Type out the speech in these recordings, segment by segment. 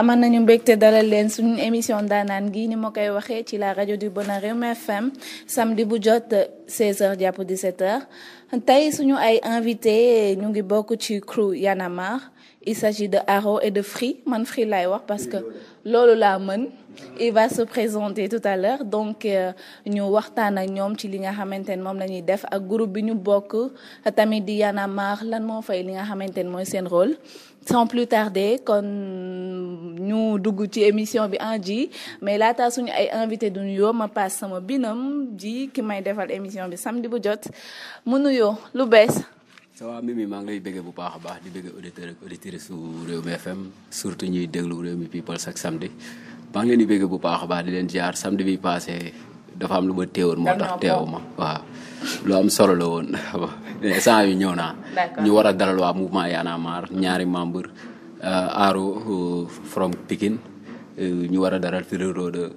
aman nañu mbégte dalal leen suñu émission daanaan gi ni ma koy waxee ci la rajo du bonheur Rewmi FM samedi bu jot 16h jàpp 17 tey suñu ay invité ñu ngi bokk ci crew Y'en a il s'agit de Haro et de frie man Free laay wax parce que loolu laa mën il va se présenter tout à l'heure donc euh, ñu waxtaan ak ñoom ci li nga xamante ne moom lañuy def ak groupe bi ñu bokk tamit di Y'en lan moo fay li nga xamante ne mooy seen rôle son plus tarder kon ñu dugg ci émission bi en ji mais laata suñu ay invité du nuyoo ma paas sama binam ji ki may defal émission bi samedi bu jot mu nuyoo lu bees. ça va Mimi maa ngi lay bëggee bu baax a baax di bëggee auditeur ak auditrice su Rewmi FM surtout ñuy déglu Rewmi People chaque samedi maa ngi leen di bëggee bu baax a baax di leen jaar samedi bi passé dafa am lu ma teewoon moo tax teewu ma waaw. lu am solo la woon sant yu ñëw naa ñu war a dalal waa mouvement yi a marre ñaari membre euh, Aro euh, from pikin euh, ñu war a daral Ferrero de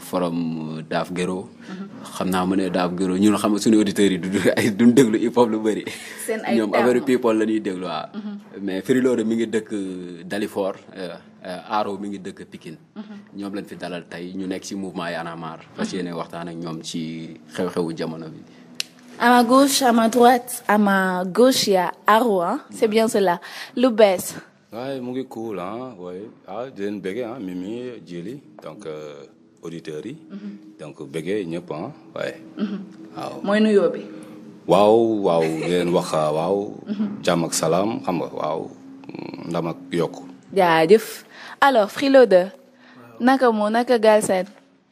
forum Daaf Gero. Mm-hmm. xam naa mu ne Daaf Gero ñun xam suñu auditeurs yi du ay duñ déglu hip lu bëri. seen ñoom affaire people la ñuy déglu waaw. Mm-hmm. mais Ferrero mi ngi dëkk Dalifort Aro mi ngi dëkk Pikine. Mm-hmm. ñoom lañ fi dalal tey ñu nekk ci mouvement Y'en a marre. fas yéene waxtaan ak ñoom ci xew-xewu jamono bi. À ma gauche, à ma droite, à ma gauche, il y a Aro, hein? C'est bien cela. Lu bees. waaye mu ngi cool ah oui ah di leen bëggee ah Mimi Djily donc euh, auditeurs yi. Mm-hmm. donc bëggee ñëpp ah mm-hmm. waaye. waaw mooy nuyoo bi. waaw waaw di leen wax waaw. Mm-hmm. jàmm ak salaam xam nga waaw ndam ak yokk. jaajëf alors Freelodeur. naka moo naka Galsen.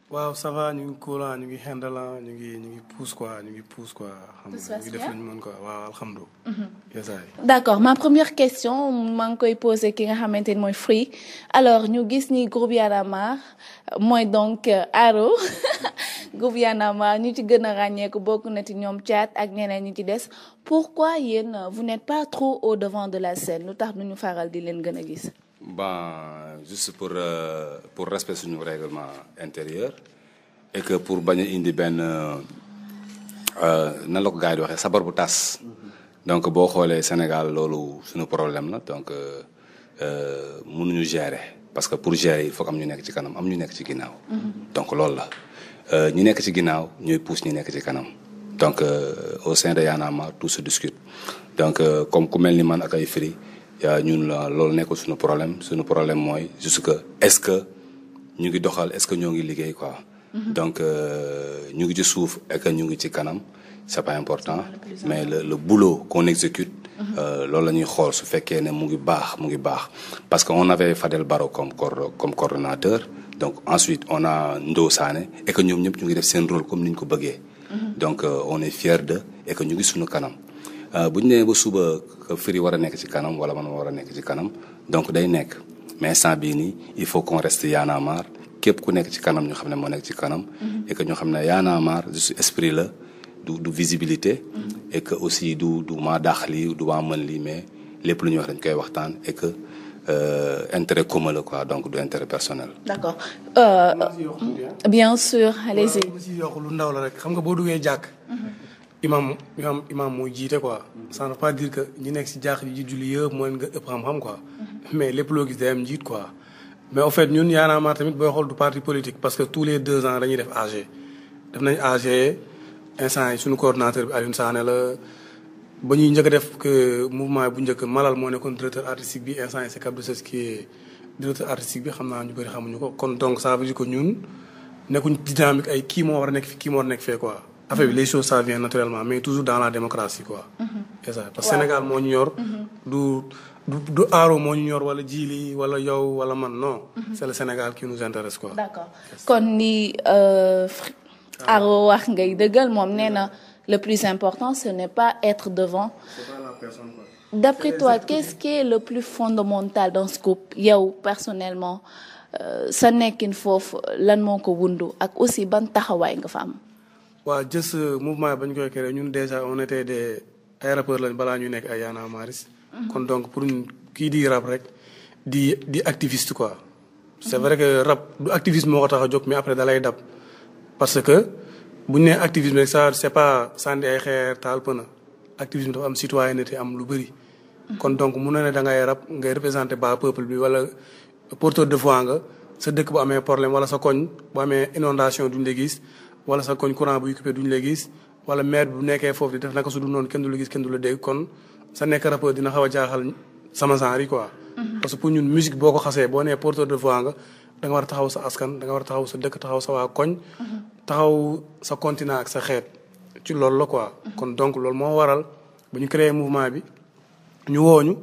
waaw ça va ñu ngi courant ah, ñu ngi xendalan ah, ñu ngi ñu ngi pousse ñu ngi pousse quoi. xam nga ah? mhm. accord ma première question maa ngi koy posé ki nga xamante ni mooy fri alors ñu gis ni groupe Y'en mooy donc euh, Aro groupe Y'en ñu ci gën a ràññeeku bokk na ci ñoom Thiat ak ñeneen ñi ci des pourquoi yéen vous n'êtes pas trop au devant de la scène lu tax du ñu faral di leen gën a gis. bon juste pour euh, pour respect suñu règlement intérieur et que pour bañ a indi benn euh, euh, nan la ko gars yi di waxee sabar bu tas. donc boo xoolee Sénégal loolu suñu problème la donc mun euh, mënuñu gérer parce que pour gérer il faut que am ñu nekk ci kanam am ñu nekk ci ginnaaw. donc loolu la ñu nekk ci ginnaaw ñooy pousse ñu nekk ci kanam. donc euh, au sein de Y'en a tout se discute donc comme ku mel ni man ak ay Firi. yaa ñun la loolu nekkul suñu problème suñu problème mooy juste que est-ce que ñu ngi doxal est-ce que ñoo ngi liggéey quoi. Mhm. donc euh, ñu ngi ci suuf et que ñu ngi ci kanam c'est pas important mais le le boulot qu'on exécute. Mhm. Euh, loolu la ñuy xool su fekkee ne mu ngi baax mu ngi baax parce que on avait Fadel Barro comme comme cordonateur donc ensuite on a Ndo Sané et que ñoom ñëpp ñu ngi def seen rôle comme ni ñu ko bëggee. Mhm. donc euh, on est fier de et ñu ngi suñu kanam. Euh, bu ñu nee ba suba Firi war a nekk ci kanam wala man war a nekk ci kanam donc day nekk mais instant bii nii il faut qu'on reste Y'en a marre képp ku nekk ci kanam ñu xam ne moo nekk ci kanam. Mm-hmm. et que ñu xam ne Y'en a marre juste la du du visibilité. Mm-hmm. et que aussi du du maa dàq lii du maa mën lii mais lépp lu ñuy wax dañ koy waxtaan et que. Euh, intérêt commun la quoi donc du intérêt personnel. d'accord euh, bien sûr allez-y. lu ndaw la rek xam nga boo duggee jàkk. Mm-hmm. imam imam imam mooy jiite quoi. ça ne veut pas dire que ñi nekk si jaax ji julli yëpp moo leen gën ëpp xam-xam quoi. Mhm. mais lépp loo gis day njiit quoi. mais en fait ñun Y'en a marre tamit booy xool du parti politique parce que tous les deux ans dañuy def AG. def nañ AG instant suñu coordinateur bi Alioune Sané la ba ñu njëkk def que mouvement bu njëkk Malal moo nekkoon directeur artistique bi instant yi c'est Cap de directeur artistique bi xam naa ñu bëri xamuñu ko kon donc ça veut dire que ñun nekkuñ ay kii moo war a nekk fii kii moo war fee quoi. affaire bi les choses ça vient naturellement mais toujours dans la démocratie quoi. Mm-hmm. Sénégal moo ñu ñor. Mm-hmm. du du du moo ñu ñor wala jiili wala yow wala man non. Mm-hmm. c'est le Sénégal qui nous intéresse quoi. d'accord ni euh, ah. aaro wax ngay dëggal moom nee na le plus important ce n'est pas être devant. c'est pas la d'après toi qu'est-ce qui est le plus fondamental dans ce yow personnellement sa nekkin foofu lan moo ko wundu ak aussi ban taxawaay nga fa am. waaw jës euh, mouvement ba ñu koy créé ñun déjà on était des ay rappeurs lañ balaa ñu nekk ay Y'en a mhm. kon donc pour ñu kii di rab rek di di activiste quoi. c'est vrai que rab du activisme moo ko tax a jog mi après da lay dab parce que bu ñu nee activisme rek ça c'est pas sànni ay xeer taal pëna activisme dafa am citoyenneté am lu bëri. Mhm. kon donc mun na ne da ngay rap ngay représenter ba peuple bi wala porteur de voix nga sa dëkk bu amee problème wala sa koñ bu amee inondation duñ la wala sa koñ courant buy coupé du ñu gis wala maire bu nekkee foofu di def naka su dul noonu kenn du la gis kenn du la dégg kon sa nekk rappeur dina xaw a jaaxal sama genre yi quoi. Mhm. parce que pour ñun musique boo ko xasee boo nee porteur de voix nga da war a taxaw sa askan da war a taxaw sa dëkk taxaw sa waa koñ. Mhm. taxaw sa continent ak sa xeet ci loolu la quoi. Mhm. kon donc loolu moo waral bu ñu créer mouvement bi ñu wooñu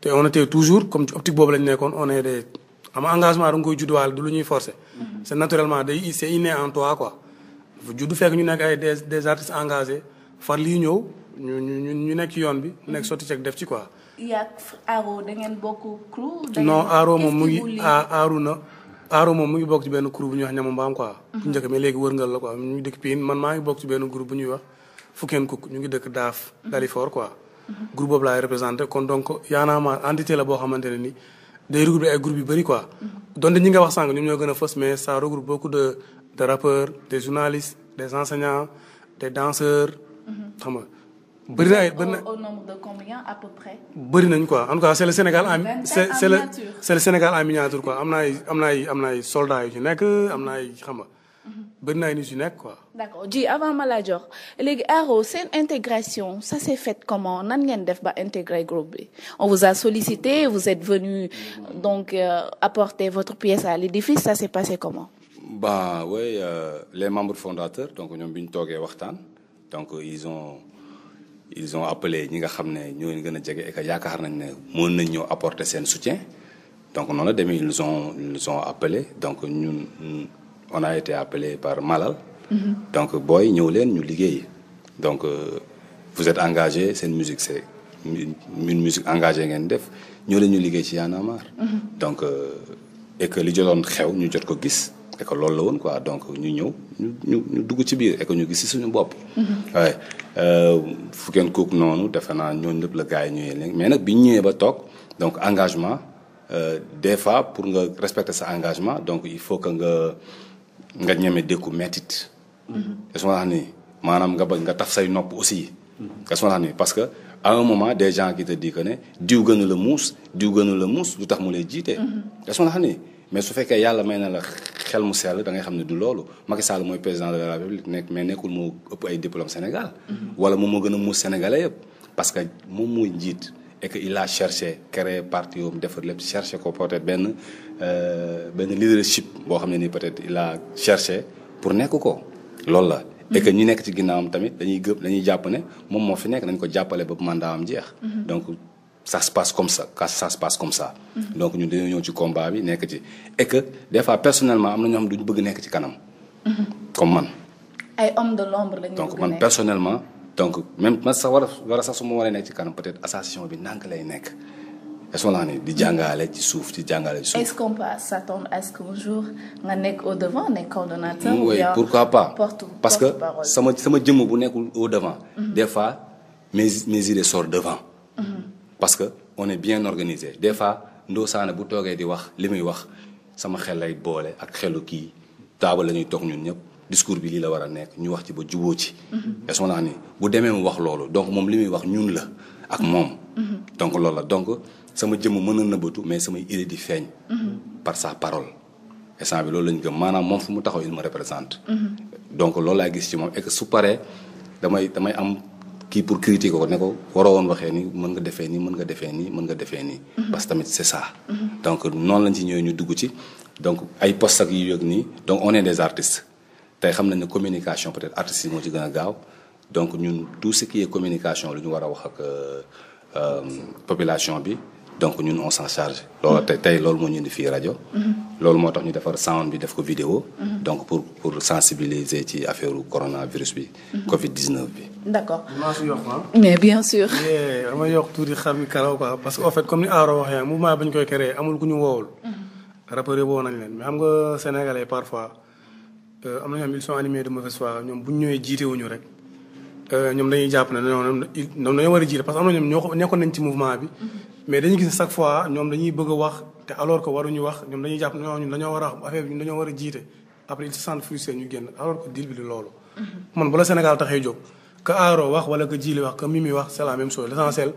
te on te toujours comme ci optique boobu lañ nekkoon on est des lu ñuy forcer. c'est naturellement day c'est inné en toi du fekk ñu nekk ay des artistes engagés far lii ñëw ñu ñu ñu nekk yoon bi mm-hmm. nekk sotti ceeg def ci quoi. yaa Aro da Aro moom mu ngi Aro na. Aro moom mu ngi bokk ci benn crew bu ñuy wax ñamu mbaam quoi. bu mm-hmm. njëkk mais léegi wërngal la quoi ñu ngi dëkk Pine man maa ngi bokk ci benn groupe bu ñuy wax Fukkeen Cook ñu ngi dëkk Daaf. Mm-hmm. Dalifort quoi. groupe boobu laay représenté kon donc yaanaa ma entité la boo xamante ne ni day regroupé ay groupe yu bëri quoi. donte ñi nga wax sànq ñoom ñoo gën a fës mais ça regroupe des rappeurs des journalistes des enseignants des danseurs. xam nga bëri na ay na bëri nañ quoi en tout cas c' est le Sénégal en. c' le Sénégal en miniature quoi am na ay am na am na ay soldats yu ci nekk am na xam nga. Mhm. bëri na ay nit yu quoi. d' ji avant ma la jox léegi seen intégration ça est fait comment nan ngeen def ba intégrer groupe bi on vous a sollicité vous êtes venu mhm. donc euh, apporter votre pièce à l' édifice ça s' est passé comment. Bah oui, euh, les membres fondateurs, donc ñoom bi ñu toogee waxtaan donc ils ont ils ont ñi nga xam ne ñoo gën a jege et yaakaar nañ ne moon nañ ñoo apporter seen soutien donc noonu la demee ils nous ont ils donc ñun on a été appelé par Malal. Mm-hmm. donc booy ñëw leen ñu liggéey donc euh, vous êtes engagé seen musique c'est une musique engagée ngeen def ñëw leen ñu liggéey ci Y'en mm-hmm. donc euh, et li jotoon xew ñu jot ko gis. école loolu la woon quoi donc ñu ñëw ñu ñu dugg ci biir école ñu gis si suñu bopp. waaye euh, fukkeen kook noonu defe naa ñooñu lépp la gars yi ñëwee léegi mais nag bi ñu ñëwee ba toog donc engagement euh, des fois pour nga respecter sa engagement donc il faut que nga nga ñeme dékku mettit. te su ma nii maanaam nga bañ nga taf say nopp aussi. te su ma nii parce que. à moment des gens qui te disent que ne diw gënu la muus diw gënu la muus lu tax mu lay jiite. yaa mm-hmm. ngi mais su fekkee yàlla may na la xel mu sell da ngay xam ne du loolu Macky Sall mooy président de la République nekk mais nekkul moo ëpp ay diplôme Sénégal. Mm-hmm. wala moom moo gën a muus sénégalais yëpp. parce que moom mooy njiit et que il a cherché créer parti yoom defar lépp cherché ko peut-être benn euh, benn leadership boo xam ne nii peut-être il a cherché pour nekk ko loolu la. et que mm-hmm. ñi nekk ci ginnaawam tamit dañuy gëm dañuy jàpp ne moom moo fi nekk nañ ko jàppale ba mandat am jeex. Mm-hmm. sa se passe comme ça ça se passe comme ça. donc ñun dañoo ñëw ci combat bi nekk ci et que des fois personnellement am na ñoo xam ne duñu bëgg nekk ci kanam. comme man. ay hommes de l'ombre donc man personnellement. donc même man sax war a su ma waree nekk ci kanam peut-être association bi nank lay nekk. est-ce que di jàngaale ci suuf di jàngale ci suuf. est-ce qu'on peut s'attendre à ce qu'un jour nga nekk parce que sama sama jëmm bu nekkul au devant. Mhm. des fois mes mes idées sortent devant. Mhm. parce que on est bien organisé des fois Ndo Sané bu toogee di wax li muy wax sama xel lay boole ak xelu kii taabal la ñuy toog ñun ñëpp discours bi lii la war a nekk ñu wax ci ba jubóo ci. te soo naa ni bu demee mu wax loolu donc moom li muy wax ñun la ak moom. Mm-hmm. donc loolu la donc sama jëmm mën na mais samay idée di feeñ. Mm-hmm. par sa parole. instant bi loolu lañu gëm maanaam moom fu mu taxaw il me représente. Mm-hmm. donc loolu laa gis ci moom et su paree damay damay am. kii pour critiquer ko ne ko waroo woon waxee ni mën nga defee nii mën nga defee nii mën nga defee ni mhm. parce que tamit c'est ça. Mhm. donc noonu lañ ci ñëwee ñu dugg ci donc ay post ak yu yoog nii donc on est des artistes tey xam na ne communication peut-être artistes yi moo ci gën a gaaw donc ñun tout ce qui communication lu ñu war a wax ak euh, euh, population bi. donc ñun on s'en charge loolu tey loolu moo ñu di fii rajo. Mhm. loolu moo tax ñu defar sound bi def ko vidéo donc pour pour sensibiliser ci affaire coronavirus bi. Covid 19 bi. d'accord maa si yokk ah. mais bien sûr. dama yokk tuuti xam karaw quoi parce que en fait comme ni Aaro waxee ah, mouvement bi ñu koy créé amul ku ñu woowul. Mm-hmm. rappeurs yi woo leen mais xam nga sénégalais parfois euh, am na ñoo xam ils sont animés de mauvaise ñoom bu ñëwee jiite wuñu rek. Euh, ñoom dañuy jàpp ne ñoom dañoo war a jiite parce que am na ñoom ñoo ko nekkoon nañ ci mouvement bi. Mm-hmm. mais dañuy gis chaque fois ñoom dañuy bëgg a wax te alors que waruñu wax ñoom dañuy jàpp ne ñooñu dañoo war a wax affaire bi ñun a jiite après ils se sentent frustrés ñu génn alors que deal bi loolu. Mm-hmm. man bu Sénégal taxee jóg ka Aaro wax wala que Jili wax que Mimi wax c'est la même chose l'essentiel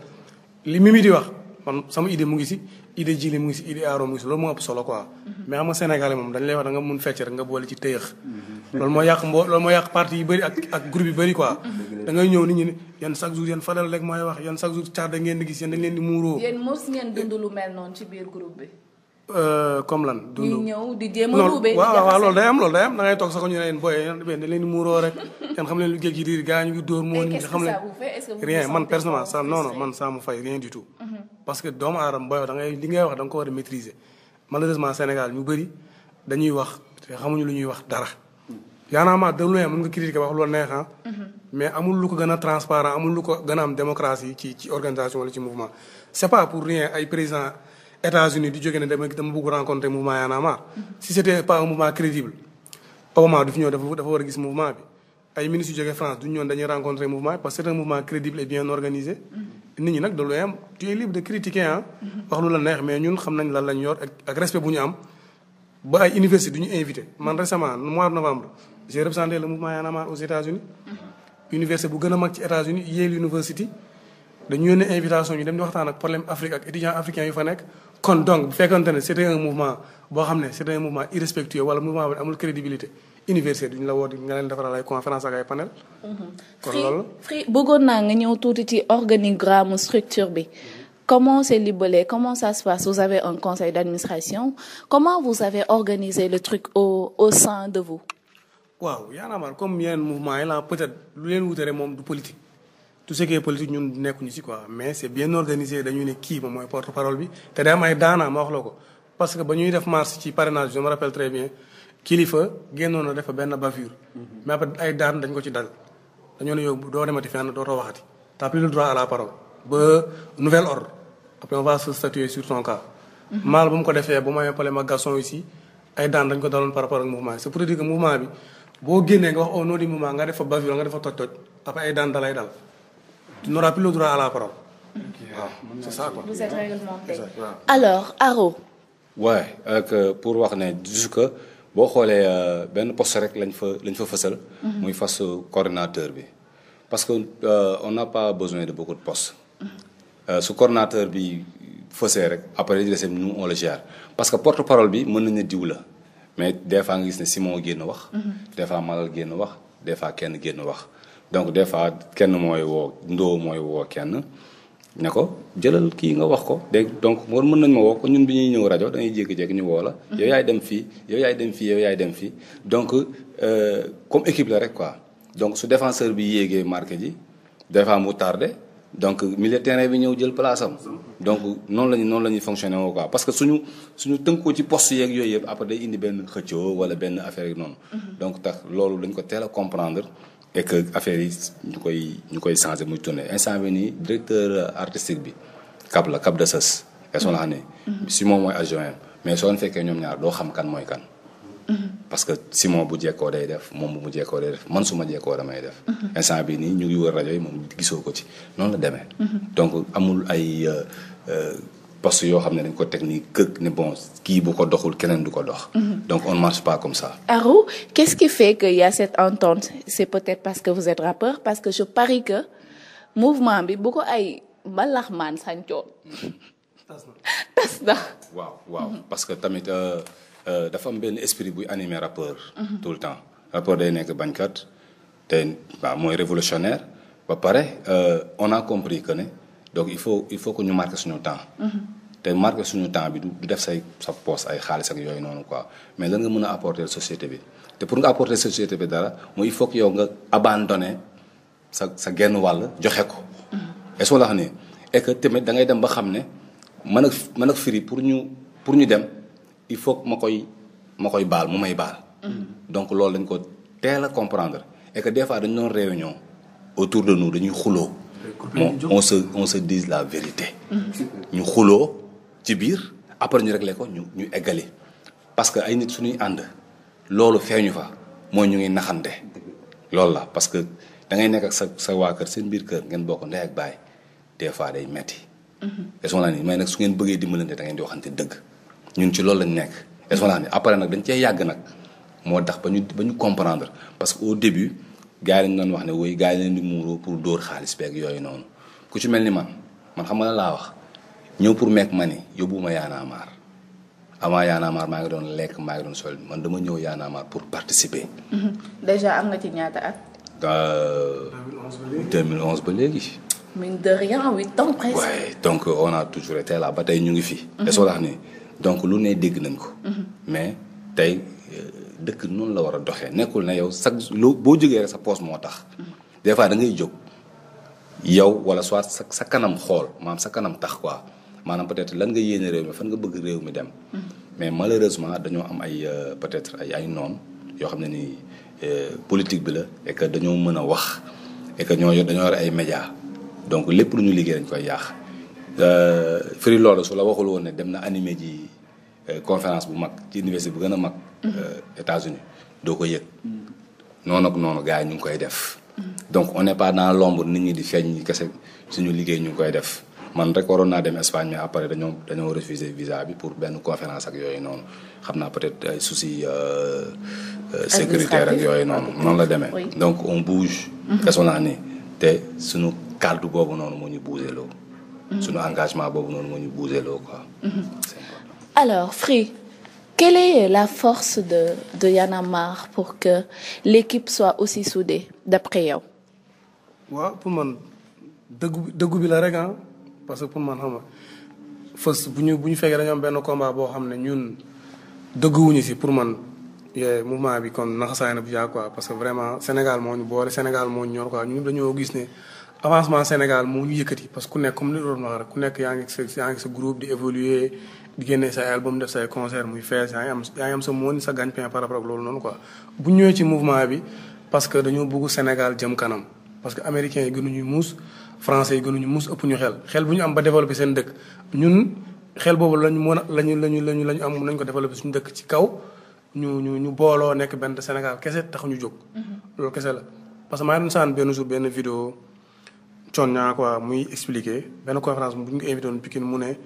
li Mimi di wax man sama idée mu ngi si idée Jili mu ngi si idée Aaro mu ngi si loolu moo solo quoi. Mm-hmm. moom dañ lay wax da nga mun fecc rek nga boole ci tëyëx. Mm-hmm. loolu moo yàq moo yàq parti yu bëri ak ak groupe yu bëri quoi. Mm-hmm. da ngay ñëw nit ñi ne yan chaque jour yan fadal rek mooy wax yan chaque jour caada ngeen di gis yan dañ leen di muuroo. yéen mos ngeen dund mel noonu ci biir groupe bi. Euh, comme lan. dundu ñëw di jéem a luubee. waaw waaw loolu day am loolu day am da ngay toog sax ñu ne leen booy da leen di muuroo rek. xam leen lu géej gi di gaañu gi dóor moo. ni nga da ngay li ngay wax da nga a maîtriser ñu bëri dañuy wax te xamuñu lu ñuy wax dara. yaanaa maa dalu ne mën nga critiquer wax loolu neex mhm. mais amul lu ko gën a transparent amul lu ko gën a am démocratie ci organisation wala ci mouvement c'est pas pour rien ay président États-Unis di jóge ne dama dama bëgg rencontrer mouvement Y'en a marre si c'était pas mouvement crédible Obama du fi ñëw dafa war a gis mouvement bi ay ministres yu jóge France du ñoon dañuy rencontrer que c'est un mouvement crédible et bien organisé mm-hmm. nit mm-hmm. neex mais ñun xam nañ lan lañ yor ak ñu am ba ay université ñu invité man récemment mois de novembre j'ai représenté le mouvement Y'en a mm-hmm. a mag ci États-Unis Yale University dañu yónnee invitation ñu dem di waxtaan ak problème Afrique ak étudiants africains yu fa nekk kon donc bu fekkante ne c'était un mouvement boo xam ne c'était un mouvement irrespectueux wala mouvement bi amul crédibilité université duñu la woo defaral ay conférence ak panel. Mm-hmm. kon bëggoon naa nga ñëw tuuti ci organigramme structure bi. Mm-hmm. comment c'est libellé comment ça se passe vous avez un conseil d'administration comment vous avez organisé le truc au sein de vous. waaw Y en a comme yeneen mouvement yi la peut-être lu leen wutale moom du politique. tout ce qui est politique ñun nekkuñu ci quoi mais c'est bien organisé dañu ne kii moom mooy porte-parole bi te day am ay daanaa ma wax la ko parce que ba ñuy def marche ci parrainage je me rappelle très na dafa benn bavure mhm. mais après ay daan dañ ko ci dal dañoo ne yow doo demati fenn dootoo waxati t'as plus le droit à la parole ba nouvel ordre après on va mhm. ko defee bu ma yemale ma garçon ici ay ak mouvement bi boo génnee nga wax au nom du mouvement nga def fa bavure nga def fa toj-toj après ay daan dalay dal tu n'auras plus le droit à la parole. Ah, alors Aro. waaye euh, pour wax ne jusque boo xoolee euh, benn poste rek lañ fa lañ fa fësal. Mhm. muy fas coordinateur bi. parce que euh, on n'a pas besoin de beaucoup de mhm. su coordinateur bi fësee rek après di nous on le gère parce que porte parole bi mën nañu diw la mais des fois nga gis ne Simon génn wax. Mhm. des fois Malal génn wax des fois kenn génn wax. donc des fois kenn mooy woo ndoo mooy woo kenn ne ko jëlal kii nga wax ko dégg donc war mën nañ ma woo ko ñun bi ñuy ñëw rajo dañuy jékki-jékki ñu woo la. Mm-hmm. yow yaay dem fii yow yaay dem fii yow yaay dem fii donc euh, comme équipe la rek quoi donc su défenseur bi yéegee marqué ji des fois mu tardé. donc milieu terrain bi ñëw jël place am donc noonu la ñu noonu la ñuy fonctionné woo quoi que suñu suñu tënkoo ci post yeeg yooyu yëpp après day indi benn xëccoo wala benn affaire yi noonu. Mm-hmm. donc tax loolu dañ ko teel a comprendre. et que affaire yi ñu koy ñu koy changé muy tourné instant bi nii directeur artistique bi cap la cap de sës eson la ne mm-hmm. Simon mooy adjoint mais soo fekkee ñoom ñaar doo xam kan mooy kan mm-hmm. parce que Simon bu jekkoo day def moom bu mu jekkoo day def man su ma jekkoo damay def mm-hmm. instant bi nii ñu ngi wër rajo yi moom gisoo ko ci noonu la demee donc amul ay euh, euh, parce poste yoo xam ne dañ ko teg nii këg ne bon kii ko doxul keneen du ko dox. Mhm. donc on ne marche pas comme ça. Arou qu'est-ce que y a cette entente c'est peut-être parce que vous êtes rappeur parce que je parie que mouvement bi bu ko ay mbalax maan sàncoon. tas na waaw waaw mhm. parce que tamit euh, euh, dafa am benn esprit buy animé rappeur. Mhm. tout le temps rappeur day nekk bañkat te waaw mooy révolutionnaire ba pare euh, on a compris que ne. donc il faut il faut que ñu marqué suñu temps. Mm-hmm. te marqué suñu temps bi du def say sa poste ay xaalis ak yooyu noonu quoi mais lan nga mën a apporter société bi te pour nga apporter société bi dara mooy il faut que yow nga abandonné sa sa genn wàll joxe ko. Mm-hmm. est ce que wax nii que tamit da ngay dem ba xam ne man ak man ak firi pour ñu pour ñu dem il faut que ma koy ma koy baal mu may baal. Mm-hmm. donc loolu lañ ko teel a comprendre et que des fois dañu doon réunion autour de nous dañuy xuloo. on, on se on se dise la vérité. ñu xuloo ci biir après ñu réglé ko ñu ñu eggali parce que ay nit su suñuy ànd loolu feeñu fa mooy ñu ngi naxante. loolu la parce que da ngay nekk ak sa sa waa kër seen biir kër ngeen bokk ndey ak baay des fois day metti. Mhm. est ce que nag su ngeen bëggee dimbalante da ngeen di waxante dëgg ñun ci loolu lañ nekk. est ce que après nag dañ cee yàgg nag moo tax ba ñu ba ñu comprendre parce que au début. gars yi dañu doon wax ne woy gars yi leen di pour dóor xaalis beeg yooyu noonu ku ci mel ni man man xam ma la laa wax ñëw pour meeg ma ni yóbbuma yaanaamaar avant yaanaamaar maa ngi doon lekk maa ngi doon sol man dama ñëw yaanaamaar pour participer. Mhm. déjà am nga ci ñaata at. 2011 ba léegi. mine de rien huit ans euh, ba tey ñu ngi fi. te soo tax ni donc lu ne dégg nañ ko. Mhm. mais tey. Euh, dëkk noonu la war a doxee nekkul ne yow chaque loo boo jógee rek sa pose moo tax. des fois da ngay jóg yow wala soit sa sa kanam xool maam sa kanam tax quoi maanaam peut-être lan nga yéene réew mi fan nga bëgg réew mi dem. Mm-hmm. mais malheureusement dañoo am ay euh, peut-être ay ay noon yoo xam ne ni euh, politique bi la et dañoo mën a wax et que ñoo dañoo war ay médias donc lépp lu ñu liggéey dañ koy yàq. Euh, firi loolu su la waxul woon ne dem na animé ji conférence bu mag ci université bu gën a mag. Euh, États-Unis doo ko yëg. noonu ak noonu gars yi ñu ngi koy def. donc on n'est pas l'ombre nit ñi di feeñ kese suñu liggéey ñu ngi koy def man rek waroon naa deme Espagne mais après dañoo dañoo visa bi pour benn conférence ak yooyu noonu xam naa peut-être ay soucis euh, euh, sécuritaire ak yooyu noonu noonu la demee donc on bouge kaso mhm. naa te suñu kàddu boobu noonu moo ñu loo mhm. suñu engagement boobu noonu moo ñu bougeloo quoi mhm. alors Free Quelle est euh, la force de de Y en a marre pour que l'équipe soit aussi soudée d'après yow. waaw pour man dëggu dëggu bi la rek ah parce que pour man xam nga fës bu ñu bu ñu fekkee dañoo am benn combat boo xam ne ñun dëgguwuñu si pour man mouvement bi kon naxasaay na bu jaa quoi parce que vraiment Sénégal moo ñu boole Sénégal moo ñu ñor quoi ñun dañoo gis ne. avancement Sénégal moo ñu yëkkati parce que ku nekk comme ni doon wax rek ku nekk yaa ngi sa yaa ngi sa groupe di évoluer di génne say album def say concert muy fees yaa ngi am yaa ngi am sa moon sa par rapport ak loolu noonu quoi bu ñëwee ci mouvement bi parce que dañoo bëgg Sénégal jëm kanam parce que américains yi gënuñu muus français yi gënuñu muus ëpp ñu xel xel bu ñu am ba développé seen dëkk ñun xel boobu lañ mën a lañu lañu lañu lañu am nañ ko développé suñu dëkk ci kaw ñu ñu ñu booloo nekk benn Sénégal kese tax ñu jóg. Mm-hmm. loolu kese la parce que maa ngi doon saan benn jour benn vidéo coon naa bu ñu mu ne.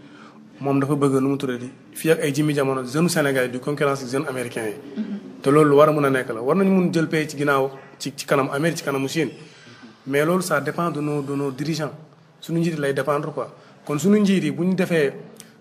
moom dafa bëgg nu mu ture fii ak ay jimi jamono jeune Sénégal du concurrence ak jeune américain loolu war a mën a nekk la war nañu mun jël pays ci ginnaaw ci ci kanam Amérique kanamu Chine. mais loolu ça dépend de de nos dirigeants suñu njiit lay dépendre quoi kon suñu njiit yi bu ñu defee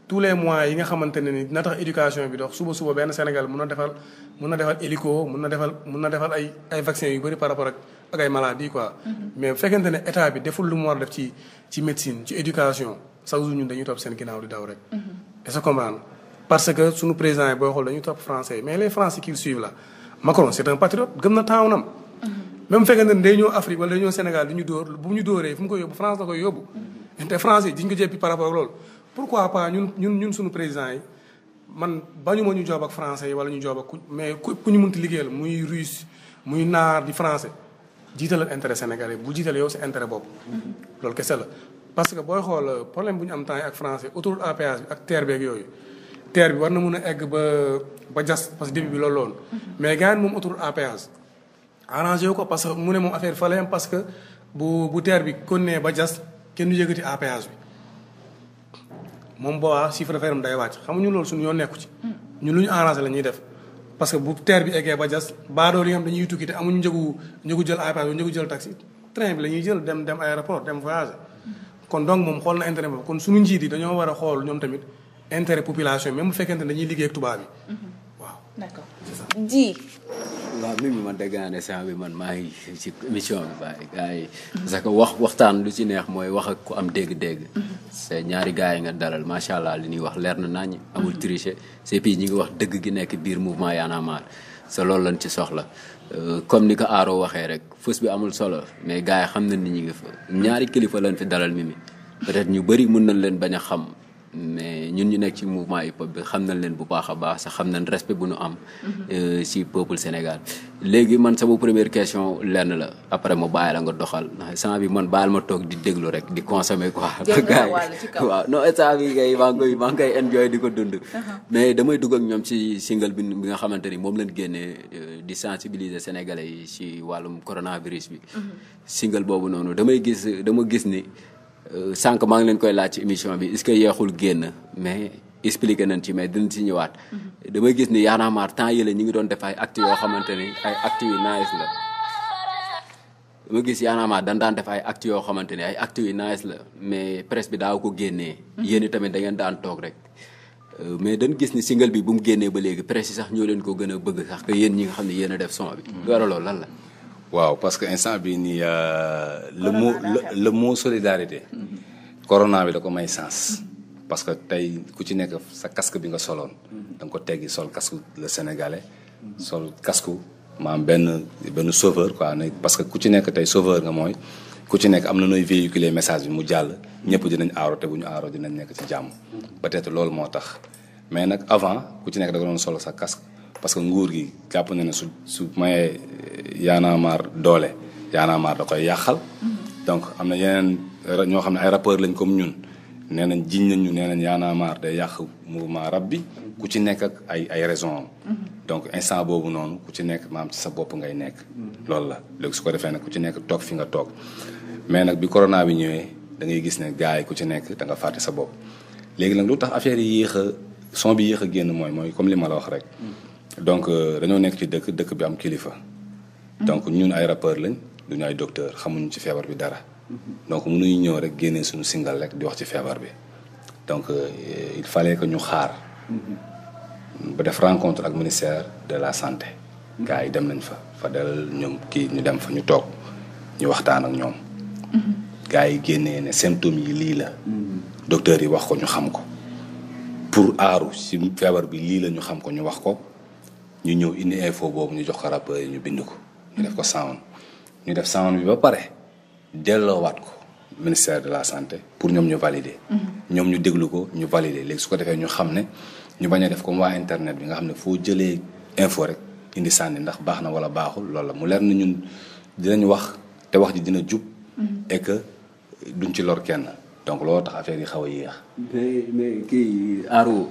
tous les mois yi nga xamante ne ni dina tax éducation bi dox suba benn Sénégal mun na defal mun na defal hélico mun na defal mun na defal ay ay vaccins yu bëri par rapport ak ak ay maladies quoi. Mm-hmm. mais bu fekkente ne état bi deful lu mu war a def ci ci médecine ci éducation. chaque jour ñun dañuy topp seen ginnaaw di daw rek. Mm-hmm. est-ce que comprendre parce que suñu président yi booy xool dañuy topp mais les français qui suivent là Macron c'est un mm-hmm. ñëw Afrique wala ñëw Sénégal di ñu dóor bu ñu dóoree fu mu koy yóbbu France la koy yóbbu. Mm-hmm. te français diñ ko jéppi par rapport ak loolu. pourquoi pas ñun ñun suñu président yi man bañu ma ñu joob ak français yi wala ñu joob ak ku mais ku ñu mun ti munti liggéeyal muy russe muy naar di français jiitalal intérêt sénégalais bu jiital yow sa intérêt bopp. loolu kese la parce que booy xool euh, problème bu ñu am temps yi ak français autoroute à bi ak terre beeg yooyu terre bi war na mun a egg ba ba jas parce que début mhm. mais gars moom autoroute à péage ko parce que mu ne moom affaire fa la yem parce que bu bu terre bi continué ba jas kenn du yëkkati à bi moom boobaa chiffre d'affaires am day wàcc xamuñu loolu suñu yoon nekku ci. Mm. ñu lu ñu arrangé la ñu def parce que bu terre bi eggee ba jas baadoo li nga xam dañuy tukki njëgu njëgu jël à péage njëgu jël taxi train bi la ñuy jël dem dem aéroport dem voyager. kon donc moom xool na intérêt boobu kon suñu njiit yi dañoo war a xool ñoom tamit intérêt population même bu fekkente ne dañuy liggéey ak tubaab yi. Mm-hmm. waaw d'accord c'est ça. ji. ne sànq bi man maa ngi ci émission bi bàyyi parce que wax waxtaan lu ci neex mooy wax ak ku am dégg-dégg. Mm-hmm. c'est ñaari gars yi nga dalal macha allah li ñuy wax leer na nañ amul tricher mm-hmm. c'est puis ñi ngi wax dëgg gi nekk biir mouvement Y'en a marre. sa loolu lañ ci soxla euh, comme ni ko Aaro waxee rek fës bi amul solo mais gars yi xam nañ ni ñu ngi fa ñaari kilifa lañ fi dalal mi peut-être ñu bëri mun nañ leen bañ a xam mais ñun ñu nekk ci mouvement hip hop bi xam na leen bu baax a baax sax xam na nañ respect bu nu am. Mhm. Euh, ci peuple Sénégal. léegi man sama première question lenn la après mu bàyyi la nga doxal sang bi man baal ma toog di déglu rek di consommer quoi. gars yi waaw non instant bi ngay maa ngi koy di ko dund. Uh-huh. mais damay dugg ak ñoom ci single bi bi nga xamante ni moom leen génnee euh, di sensibiliser Sénégalais yi ci wàllum coronavirus bi. Mhm. single boobu noonu damay gis dama gis ni. Euh, sànq maa ngi leen koy laaj ci émission bi est-ce que yeexul génn mais expliqué nañ ci mais dinañ ci ñëwaat. Mm-hmm. damay gis ni Y'en a temps yële ñu ngi doon def ay yoo xamante ni ay actes nice la. gis Y'en a marre dañ daan def ay actes yoo xamante ni ay actes la mais presse bi daaw ko génnee. Mm-hmm. yéen tamit da ngeen daan toog rek. Euh, mais dañ gis ni single bi bu mu génnee ba léegi presse yi sax ñoo leen ko gën a bëgg sax que yéen ñi nga xam ne yéen a def son bi. Mm-hmm. loolu lan la. waaw parce que instant bii nii euh, le mot le mot solidarité. corona bi da ko may sens. parce que tey ku ci nekk sa casque bi nga soloon. da nga ko teggi sol casque le sénégalais. sol casque maam benn benn sauveur quoi parce que ku ci nekk tey sauveur nga mooy. ku ci nekk am na nooy véhiculer message bi mu jàll ñëpp dinañ aaro te bu ñu aaro dinañ nekk ci jàmm peut-être loolu moo tax mais nag avant ku ci nekk da nga doon solo sa casque parce que nguur gi jàpp na ne su su mayee yaanaamaar doole yaanaamaar da koy yàqal. Mm-hmm. donc am na yeneen ñoo xam ne ay rappeurs lañ comme ñun nee nañ jiñ nañ ñu nee nañ yaanaamaar day yàq mouvement rab bi mm-hmm. ku ci nekk ak ay ay raison mm-hmm. donc instant boobu noonu ku ci nekk maam ci sa bopp ngay nekk. loolu la léegi su ko defee nag ku ci nekk toog fi nga toog mais nag bi corona bi ñëwee da ngay gis ne gars ku ci nekk da nga fàtte sa bopp léegi nag lu tax affaire yi yéex a son bi yéex a génn mooy mooy comme li ma la wax rek. donc euh, dañoo nekk ci dëkk dëkk bi am kilifa. donc ñun ay rappeurs lañ duñu ay docteur xamuñu ci feebar bi dara. donc mënuñu ñëw rek génne suñu single rek di wax ci feebar bi donc euh, il fallait que ñu xaar. ba def rencontre ak ministère de la santé. gars yi dem nañ fa fa dal kii ñu dem fa ñu toog ñu waxtaan ak ñoom. gars yi génnee ne symptômes yi lii la. docteur yi wax ko ñu xam ko. pour aaru ci feebar bi lii la ñu xam ko ñu wax ko. ñu ñëw indi info boobu ñu jox ko rappeurs yi ñu bind ko ñu def ko sound ñu def sound bi ba pare delloowaat ko ministère de la santé pour ñoom ñu valider. Mm-hmm. ñoom ñu déglu ko ñu valider léegi su ko defee ñu xam ne ñu bañ a def comme waa internet bi nga xam ne foo jëlee info rek indi sànni ndax baax na wala baaxul loolu la mu leer na ñun dinañ wax te wax ji dina jub. Mm-hmm. et que duñ ci lor kenn donc looloo tax affaire yi xaw a yéex. mais mais kii Aro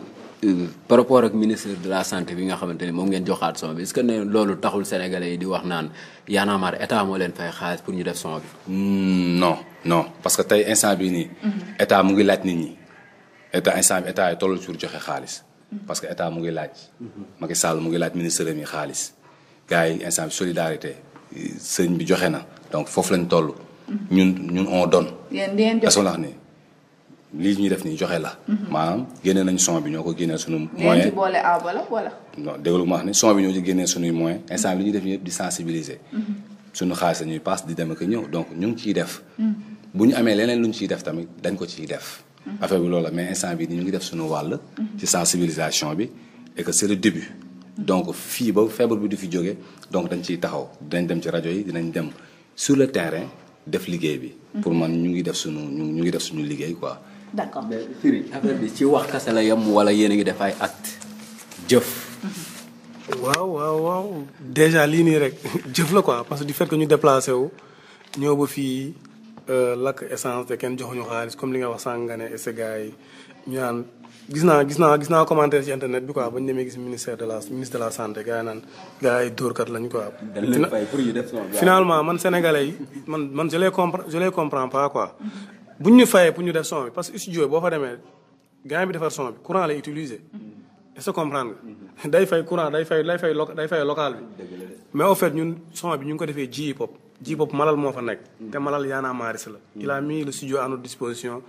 par rapport ak ministre de la santé bi nga xamante ni moom ngeen joxaat son bi est que ne loolu taxul sénégalais yi di wax naan Y'en a marre état moo leen fay xaalis pour ñu def son bi. Hmm, non non parce que tey instant bi nii. Mhm. état mu ngi laaj ni ñi état instant bi état yi tollul ci joxe xaalis. Mhm. parce que état mu ngi laaj. Mhm. Macky saal mu ngi laaj ministre mi xaalis gars yi instant bi solidarité sëñ bi joxe na donc foofu lañ toll. ñun ñun on done yéen di ngeen lii ñuy def nii joxe la. Mhm. maanaam génne nañ son bi ñoo ko génneel suñu moyen ci boole aaba ne son bi ñoo ci génnee suñuy moyen mhm. instant bi li ñuy def yëpp di sensibiliser. Mhm. suñu xaalis la ñuy paas di dem ak ñëw donc ñu ngi ciy def. bu ñu amee leneen lu ñu ciy def tamit dañ ko ciy def. affaire bi loolu mais instant bi ñu ngi def suñu wàll. ci sensibilisation bi et que c'est le début. donc fii ba feebar bi du fi jóge donc dañ ciy taxaw dinañ dem ci rajo yi dinañ dem sur le terrain def liggéey bi. pour man ñu ngi def suñu ñu ngi def suñu liggéey quoi. d' accord mais ci wax kese la yem wala yéen a ngi def ay acte jëf. waaw waaw waaw déjà lii nii rek jëf la quoi parce que du fait que ñu déplacé wu ñëw ba fii euh, lakk essence te kenn joxuñu xaalis comme li nga wax sànq nga ne gars yi ñu naan gis naa gis naa gis naa commentaire ci internet bi quoi ba ñu demee gis ministère de la ministre la santé gars yi naan gars yi dóorkat lañ quoi. dañ leen fay pour ñu def finalement man sénégalais man man je les comprends je les quoi. bu ñu fayee pour ñu def son bi parce que studio boo fa demee gars bi defar son bi courant lay utiliser. Mm-hmm. est-ce que comprendre nga. Mm-hmm. day fay courant day fay day fay day fay local bi. mais au fait ñun son bi ñu ngi ko defee ji pop ji pop malal moo fa nekk. Mm-hmm. te malal yaanaa maaris la. il a mis le studio à notre disposition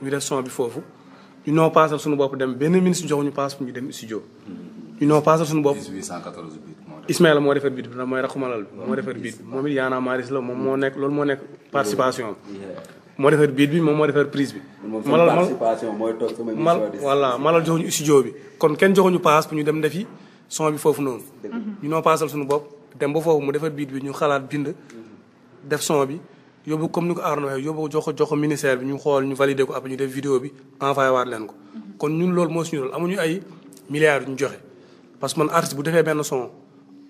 ñu def son bi foofu. ñu noo paasal suñu bopp dem benn ministre jox ñu paas ñu dem studio. ñu noo paasal suñu bopp. 1814 bi. Ismaïla moo defar biit mooy raxu malal bi moo defar biit moom moom moo nekk loolu moo nekk participation moo defar biit bi moom moo defar prise bi. malal mal participation mooy toog sama émission. voilà malal joxuñu studio bi kon kenn joxuñu paas pour ñu dem defi son bi foofu noonu. Mhm. ñu noo paasal suñu bopp dem ba foofu mu defar biit bi ñu xalaat bind. Mhm. def son bi yóbbu comme ni ko Arnaud waxee jox ko jox ko bi ñu xool ñu validé ko après ñu def vidéo bi envoyé leen ko. Mhm. kon ñun loolu moo suñu amuñu ay milliards yu ñu joxe parce que man artiste bu defee benn son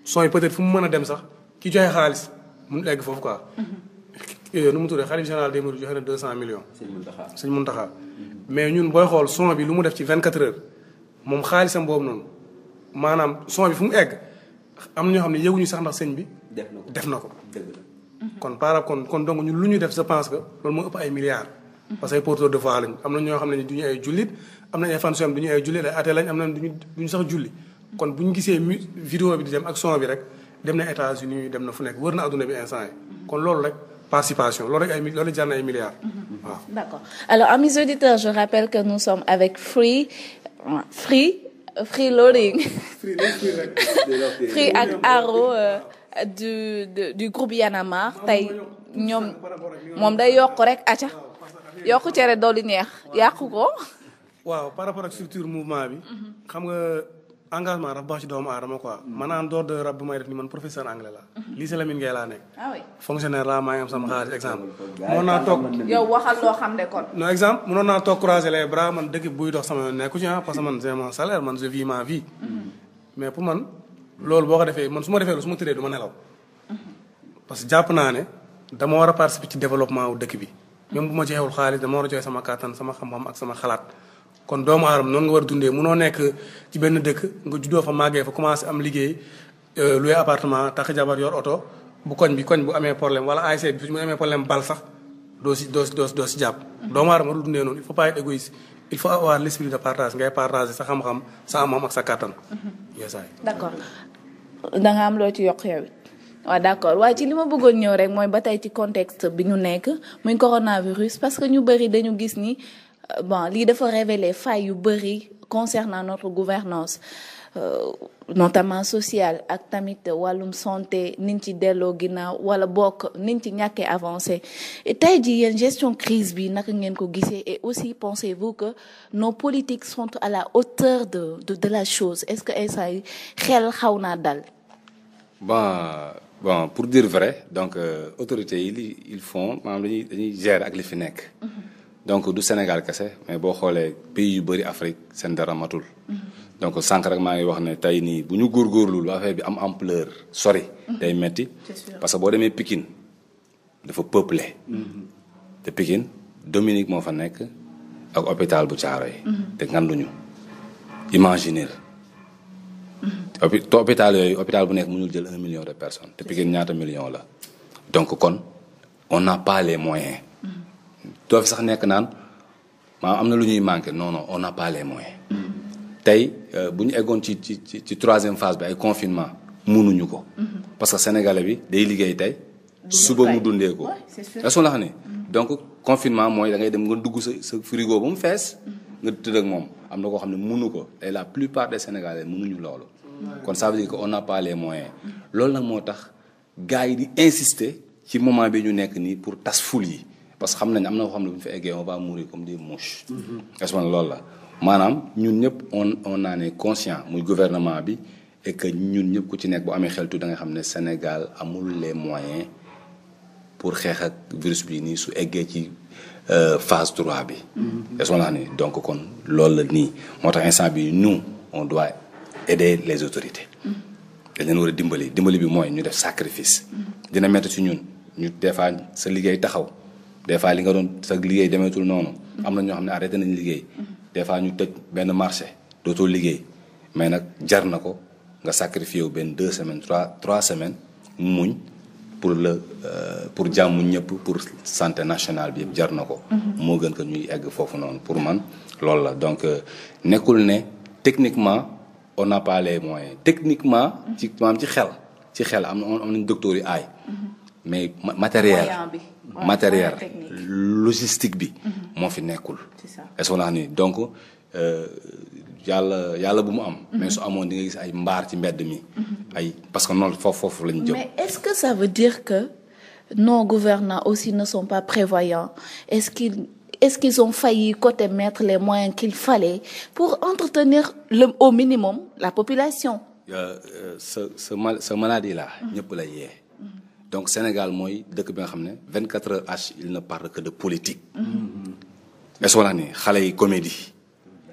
son yi peut fu mu mën a dem sax ki joxe xaalis mu egg foofu ko nu mu tuddee xalif général des mourides joxe na 200 millions. sëñ Muntaxa sëñ mais ñun booy xool son bi lu mu def ci 24 heures moom xaalisam boobu noonu maanaam son bi fu mu egg am na ñoo xam ne yëguñu sax sëñ bi. def na ko ko. kon kon kon donc ñun lu ñu def je pense que loolu moo ëpp ay milliards. parce que ay porteurs de voix lañ am na ñoo xam ne du ñu ay jullit am na ay fans yoo xam ne ay jullit ay lañ am na du ñu sax julli. kon bu gisee mu vidéo bi di dem ak son bi rek dem na États-Unis dem na fu nekk wër na adduna bi instant yi kon loolu rek. participation loolu rek ay loolu jar na ay milliards mhm. waaw. d'accord alors amis auditeurs je rappelle que nous sommes avec Free Free Free Loading. Free ak Aro euh, du du groupe Y'en a marre tey ñoom moom day yokk rek aca yokk cere dooli neex yàqu ko. waaw par rapport ak structure mouvement bi. Mhm. xam nga. engagement rab baax ci doomu aadama quoi. Mm. man en dehors de rab may def ni man professeur anglais la. Mm-hmm. lycée Lamine laa nekk. ah laa maa ngi am sama xaalis exemple. mënoon naa toog yow waxal loo ne kon. naa toog croiser les bras man dëkk buy dox ah, que man ma vie. Mm-hmm. loolu boo ko defee man su ma defee loolu su ma tëddee du ma nelaw. Mm-hmm. parce que jàpp naa ne dama war a participer ci développement dëkk bi. même bu ma joxewul xaalis dama war a joxe sama kattan sama xam-xam ak sama xalaat. kon doomu aadama noonu nga war a dundee munoo nekk ci benn dëkk nga juddoo fa màggee fa commencé am liggéey euh, loué appartement takk jabar yor oto bu koñ bi koñ bu amee problème wala ASC bi su mu amee da nga am loo ci yokk yow it waaw d'accord waaye ci li ma bëggoon ñëw rek mooy ba tey ci contexte bi ñu nekk muy coronavirus parce ñu bari dañu gis ni Euh, bon lii dafa révéler failles yu bëri concernant notre gouvernance euh, notamment sociale ak tamit wàllum santé niñ ci delloo ginnaaw wala bokk niñ ci ñàkkee avancé tey jii yéen gestion crise bi naka ngeen ko gisee et aussi pensez-vous que nos politiques sont à la hauteur de de, de la chose est-ce que instant yi xel xaw naa dal bon bon pour dire vrai donc euh, yi li ils font maanaam dañuy dañuy ak li fi nekk mm-hmm. donc du Sénégal kese mais boo xoolee pays yu bëri Afrique seen dara matul. donc sànq rek maa ngi wax ne tey nii bu ñu góorgóorlu lu affaire bi am ampleur sori. day metti parce que boo demee pikin dafa peuplé. te Pikine Dominique moo fa nekk ak hôpital bu Thiaroye yi. Mhm. te nganduñu imaginer. te hôpital yooyu hôpital bu nekk mu mënul jël un million de personnes te Pikine ñaata million la donc kon on n'a pas les doo fi sax nekk naan maanaam am na lu ñuy manqué non non on n'a pas les tey euh, bu ñu eggoon ci ci ci ci troisième phase bi ay confinement munuñu ko. parce que sénégalais bi day liggéey tey. suba mu dundee ko. est la ne donc confinement mooy da ngay dem nga dugg sa sa frigo ba mu fees. nga tëdd moom am na koo xam ne munu ko et la plupart des sénégalais mënuñu loolu. kon ça veut dire que on n'a pas loolu nag moo tax gars yi di insister ci moment bi ñu nekk nii pour tas ful yi. parce xam nañ am na foo xam ne bu ñu fa eggee on va mourir comme des mouches. Mm-hmm. est-ce la maanaam ñun ñëpp on on en est conscient muy gouvernement bi et que ñun ñëpp ku ci nekk boo amee xeltu da nga xam ne Sénégal amul les moyens pour xeex ak virus bi nii su eggee ci. Euh, phase 3 bi. est ce ni donc kon loolu la nii moo tax instant bi nous on doit aider les autorités. Mm-hmm. dañ leen war a dimbali dimbali bi mooy ñu def sacrifice. Mm-hmm. dina métti ci ñun ñu des fois sa liggéey taxaw des fois li nga doon sa liggéey demeetul noonu. am na ñoo xam ne arrêté nañ liggéey. des fois ñu tëj benn marché dootoo liggéey mais nag jar na ko nga sacrifié wu benn deux semaines trois trois semaines muñ pour le euh, pour jàmm ñëpp pour santé nationale bi yëpp jar na ko. moo gën ko ñuy egg foofu noonu pour man loolu la donc euh, nekkul ne techniquement on n'a pas les techniquement. ci maam ci xel ci xel am na am nañ docteurs yu aay. Mm-hmm. mais matériel matériel logistique bi. Mhm. moo fi nekkul. est-ce que ni donc euh, yàlla yàlla bu mu am. Mhm. mais su amoon di nga gis ay mbaar ci mbedd mi. Mhm. parce que noonu foofu foofu lañu jëm. mais est-ce que ça veut dire que nos gouvernants aussi ne sont pas prévoyants est-ce qu'ils est-ce qu'ils ont failli côté mettre les moyens qu'il fallait pour entretenir le au minimum la population. Euh, euh, ce ce mal maladie là. ñëpp la yee. donc Sénégal mooy dëkk bi nga xam ne vingt 24 heures H il ne parle que de politique. est-ce que ni xale yi comédie.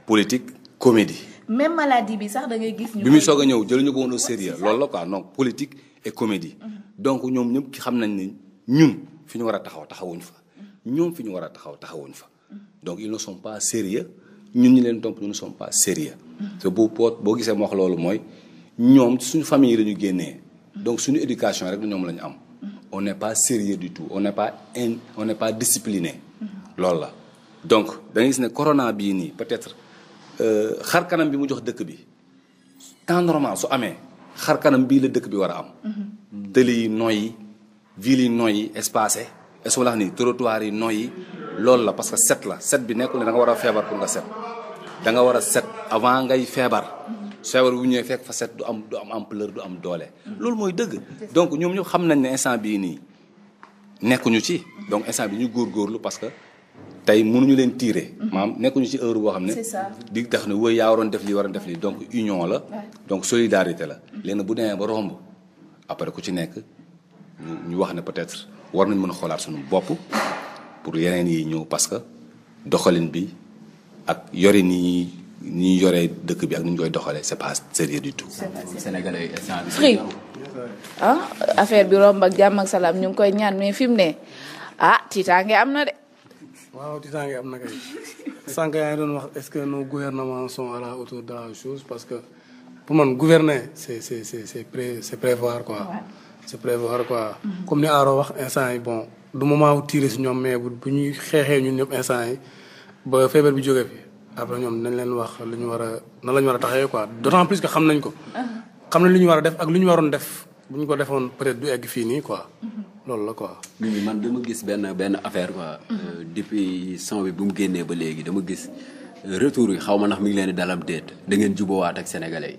politique comédie. même maladie bi sax da gis. ñu bi muy soog a ñëw jëluñu ko woon au sérieux loolu la quoi non politique et comédie. Mhm. donc ñoom ñëpp xam nañ ne ñun fi ñu war a taxaw taxawuñ fa. Mhm. ñoom fi ñu war a taxaw taxawuñ fa. donc ils ne sont pas ñun ñi leen topp ñu ne sont pas sérieux mhm. te bu poot boo gisee ma wax loolu mooy ñoom suñu famille yi dañu génnee. donc suñu éducation rek ñoom la ñu am. on n'est pas sérieux du tout on ne pas in on n'est pas discipliné. loolu la donc da ngay gis ne corona bii nii peut-être euh, xar kanam bi mu jox dëkk bi temps normal su amee xar kanam bii la dëkk bi war a am. Mm-hmm. tëli yi noyyi ville yi noyyi espacé et su ma la nii trottoir yi noyyi loolu la parce que set la set bi nekkul ne da nga war a feebar pour nga set da nga war a set avant ngay feebar. Mm-hmm. feebar bu ñëwee fekk fa du am du am empleur du am doole. loolu mooy dëgg. donc ñoom ñëpp xam nañ ne instant bii nii nekkuñu ci. donc instant bi ñu góorgóorlu parce que tey mënuñu leen tirer. maam nekkuñu ci heure boo xam ne. di tax ne wóoy yaa waroon def lii waroon def lii donc union la. donc solidarité la. leen bu demee ba romb après ku ci nekk ñu wax ne peut-être war nañ mën a xoolaat suñu bopp pour yeneen yi ñëw parce que doxalin bi ak yorin yi ni ñu dëkk bi ak ni ñu koy doxalee c'est pas sérieux du tout. Sénégalais Free ah affaire bi romb ak jàmm ak salaam ñu ngi koy ñaan mais fi ne ah tiitaange am na de. waaw tiitaange am na kay sànq doon wax est-ce que no gouvernements sont à la hauteur de la chose parce que pour man gouverner c'est c'est c'est c'est pré c'est prévoir quoi. c'est prévoir quoi. comme ni Aro wax instant yi bon du moment wu ñoom mais bu ñuy xeexee ñun ñëpp instant yi ba feebar bi joge fi. après ñoom nañ leen wax li ñu war a nan la ñu war a plus que xam nañ ko. xam nañ li ñu war a def ak li ñu waroon def bu ñu ko defoon peut-être du egg fii nii quoi. loolu la quoi. léegi man dama gis benn benn affaire quoi. Mm-hmm. Euh, depuis son bi bu génnee ba léegi dama gis retour yi xaw ma nax mi ngi leen di dalam déet da ngeen jubawaat ak sénégalais yi.